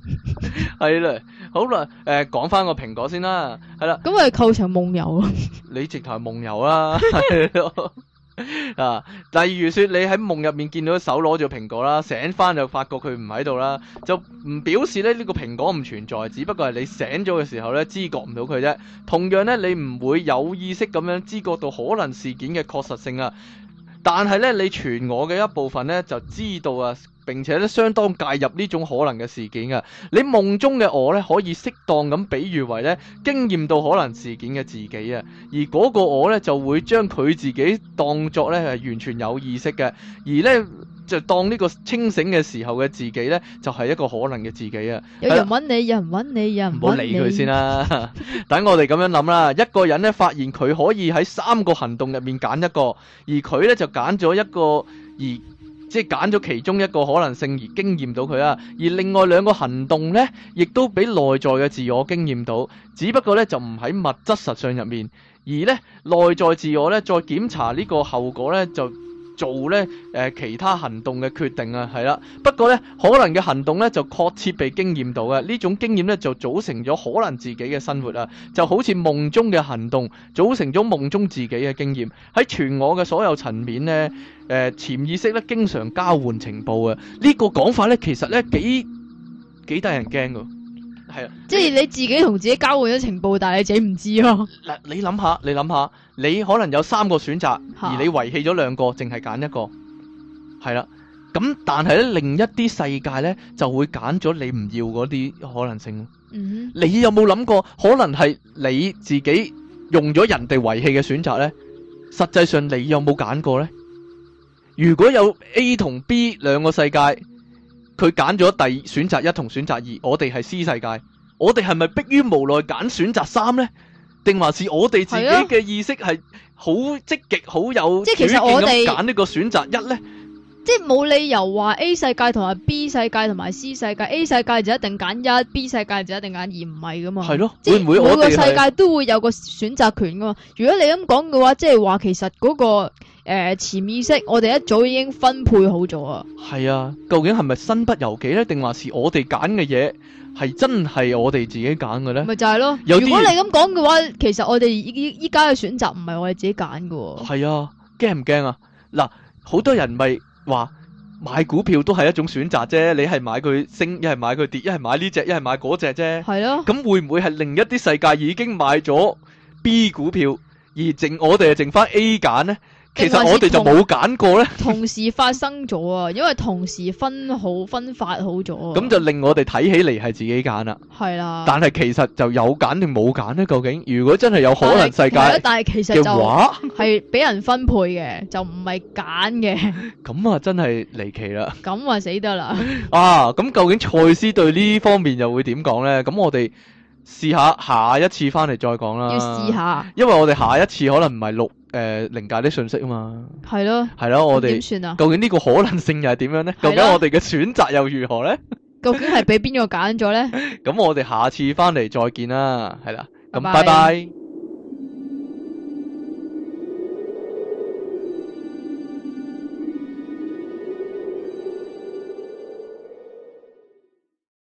[SPEAKER 2] 係 啦，好啦，誒、呃，講翻個蘋果先啦，係啦，
[SPEAKER 1] 咁係構成夢遊咯？
[SPEAKER 2] 你直頭係夢遊啦，啊！例如說，你喺夢入面見到手攞住個蘋果啦，醒翻就發覺佢唔喺度啦，就唔表示咧呢、這個蘋果唔存在，只不過係你醒咗嘅時候咧，知覺唔到佢啫。同樣咧，你唔會有意識咁樣知覺到可能事件嘅確實性啊。但係咧，你傳我嘅一部分咧，就知道啊。並且咧，相當介入呢種可能嘅事件嘅。你夢中嘅我咧，可以適當咁比喻為咧，經驗到可能事件嘅自己啊。而嗰個我咧，就會將佢自己當作咧係完全有意識嘅。而咧就當呢個清醒嘅時候嘅自己咧，就係一個可能嘅自己啊。有人
[SPEAKER 1] 搵你，有人搵你，有人唔好理佢先
[SPEAKER 2] 啦。 等我哋咁樣諗啦。一個人咧，發現佢可以喺三個行動入面揀一個，而佢咧就揀咗一個而。即係揀咗其中一個可能性而經驗到佢啊，而另外兩個行動咧，亦都俾內在嘅自我經驗到，只不過咧就唔喺物質實相入面，而咧內在自我咧再檢查呢個後果咧就。做咧，誒、呃，其他行動嘅決定啊，係啦。不過咧，可能嘅行動咧就確切被經驗到啊。呢種經驗咧就組成咗可能自己嘅生活啊，就好似夢中嘅行動組成咗夢中自己嘅經驗。喺全我嘅所有層面咧，誒、呃，潛意識咧經常交換情報啊。這個，呢個講法咧其實咧幾幾得人驚噶。係
[SPEAKER 1] 啊、即係你自己同自己交換咗情報，但係你自己唔
[SPEAKER 2] 知咯、啊。嗱，你諗下，你諗下，你可能有三個選擇，而你遺棄咗兩個，淨係揀一個，係啦、啊。咁、嗯啊、但係咧，另一啲世界呢，就會揀咗你唔要嗰啲可能性。嗯、你有冇諗過，可能係你自己用咗人哋遺棄嘅選擇呢？實際上你有冇揀過呢？如果有 A 同 B 兩個世界。佢揀咗第二選擇一、同選擇二，我哋係 C 世界，我哋係咪逼於無奈揀選擇三呢？定還是我哋自己嘅意識係好積極、好有即其實我哋揀呢個選擇一呢？
[SPEAKER 1] 即係冇理由話 A 世界同埋 B 世界同埋 C 世界，A 世界就一定揀一，B 世界就一定揀二，唔係噶嘛？係咯，
[SPEAKER 2] 會唔會每個世界
[SPEAKER 1] 都會有個選擇權噶嘛？如果你咁講嘅話，即係話其實嗰個。誒、呃，潛意識我哋一早已經分配好咗啊。
[SPEAKER 2] 係啊，究竟係咪身不由己咧，定話是我哋揀嘅嘢係真係我哋自己揀嘅咧？咪就係咯。點如果你咁講
[SPEAKER 1] 嘅話，其實我哋依依家嘅選擇唔係我哋自己揀嘅。哦。
[SPEAKER 2] 係啊，驚唔驚啊？嗱，好多人咪話買股票都係一種選擇啫。你係買佢升，一係買佢跌，一係買呢隻，一係買嗰隻啫。係咯、啊。咁會唔會係另一啲世界已經買咗 B 股票，而剩我哋啊剩翻 A 揀呢？其實我哋就冇揀過咧，
[SPEAKER 1] 同時發生咗啊！因為同時分好分發好咗，咁就
[SPEAKER 2] 令我哋睇起嚟係自己揀啦。
[SPEAKER 1] 係啦，但
[SPEAKER 2] 係其實就有揀定冇揀咧？究竟如果真係有可能世界嘅話，
[SPEAKER 1] 係俾人分配嘅，就唔係揀嘅。
[SPEAKER 2] 咁啊，真係離奇啦！
[SPEAKER 1] 咁啊，死得啦！
[SPEAKER 2] 啊，咁究竟賽斯對呢方面又會點講咧？咁我哋。試下下一次翻嚟再講啦，要試下，因為我哋下一次可能唔係錄誒靈界啲訊息啊嘛，係咯了，係咯，我哋點算啊？究竟呢個可能性又係點樣咧？了究竟我哋嘅選擇又如何咧？
[SPEAKER 1] 究竟係俾邊個揀咗咧？
[SPEAKER 2] 咁、 嗯、我哋下次翻嚟再見啦，係啦，咁拜拜。Bye bye bye bye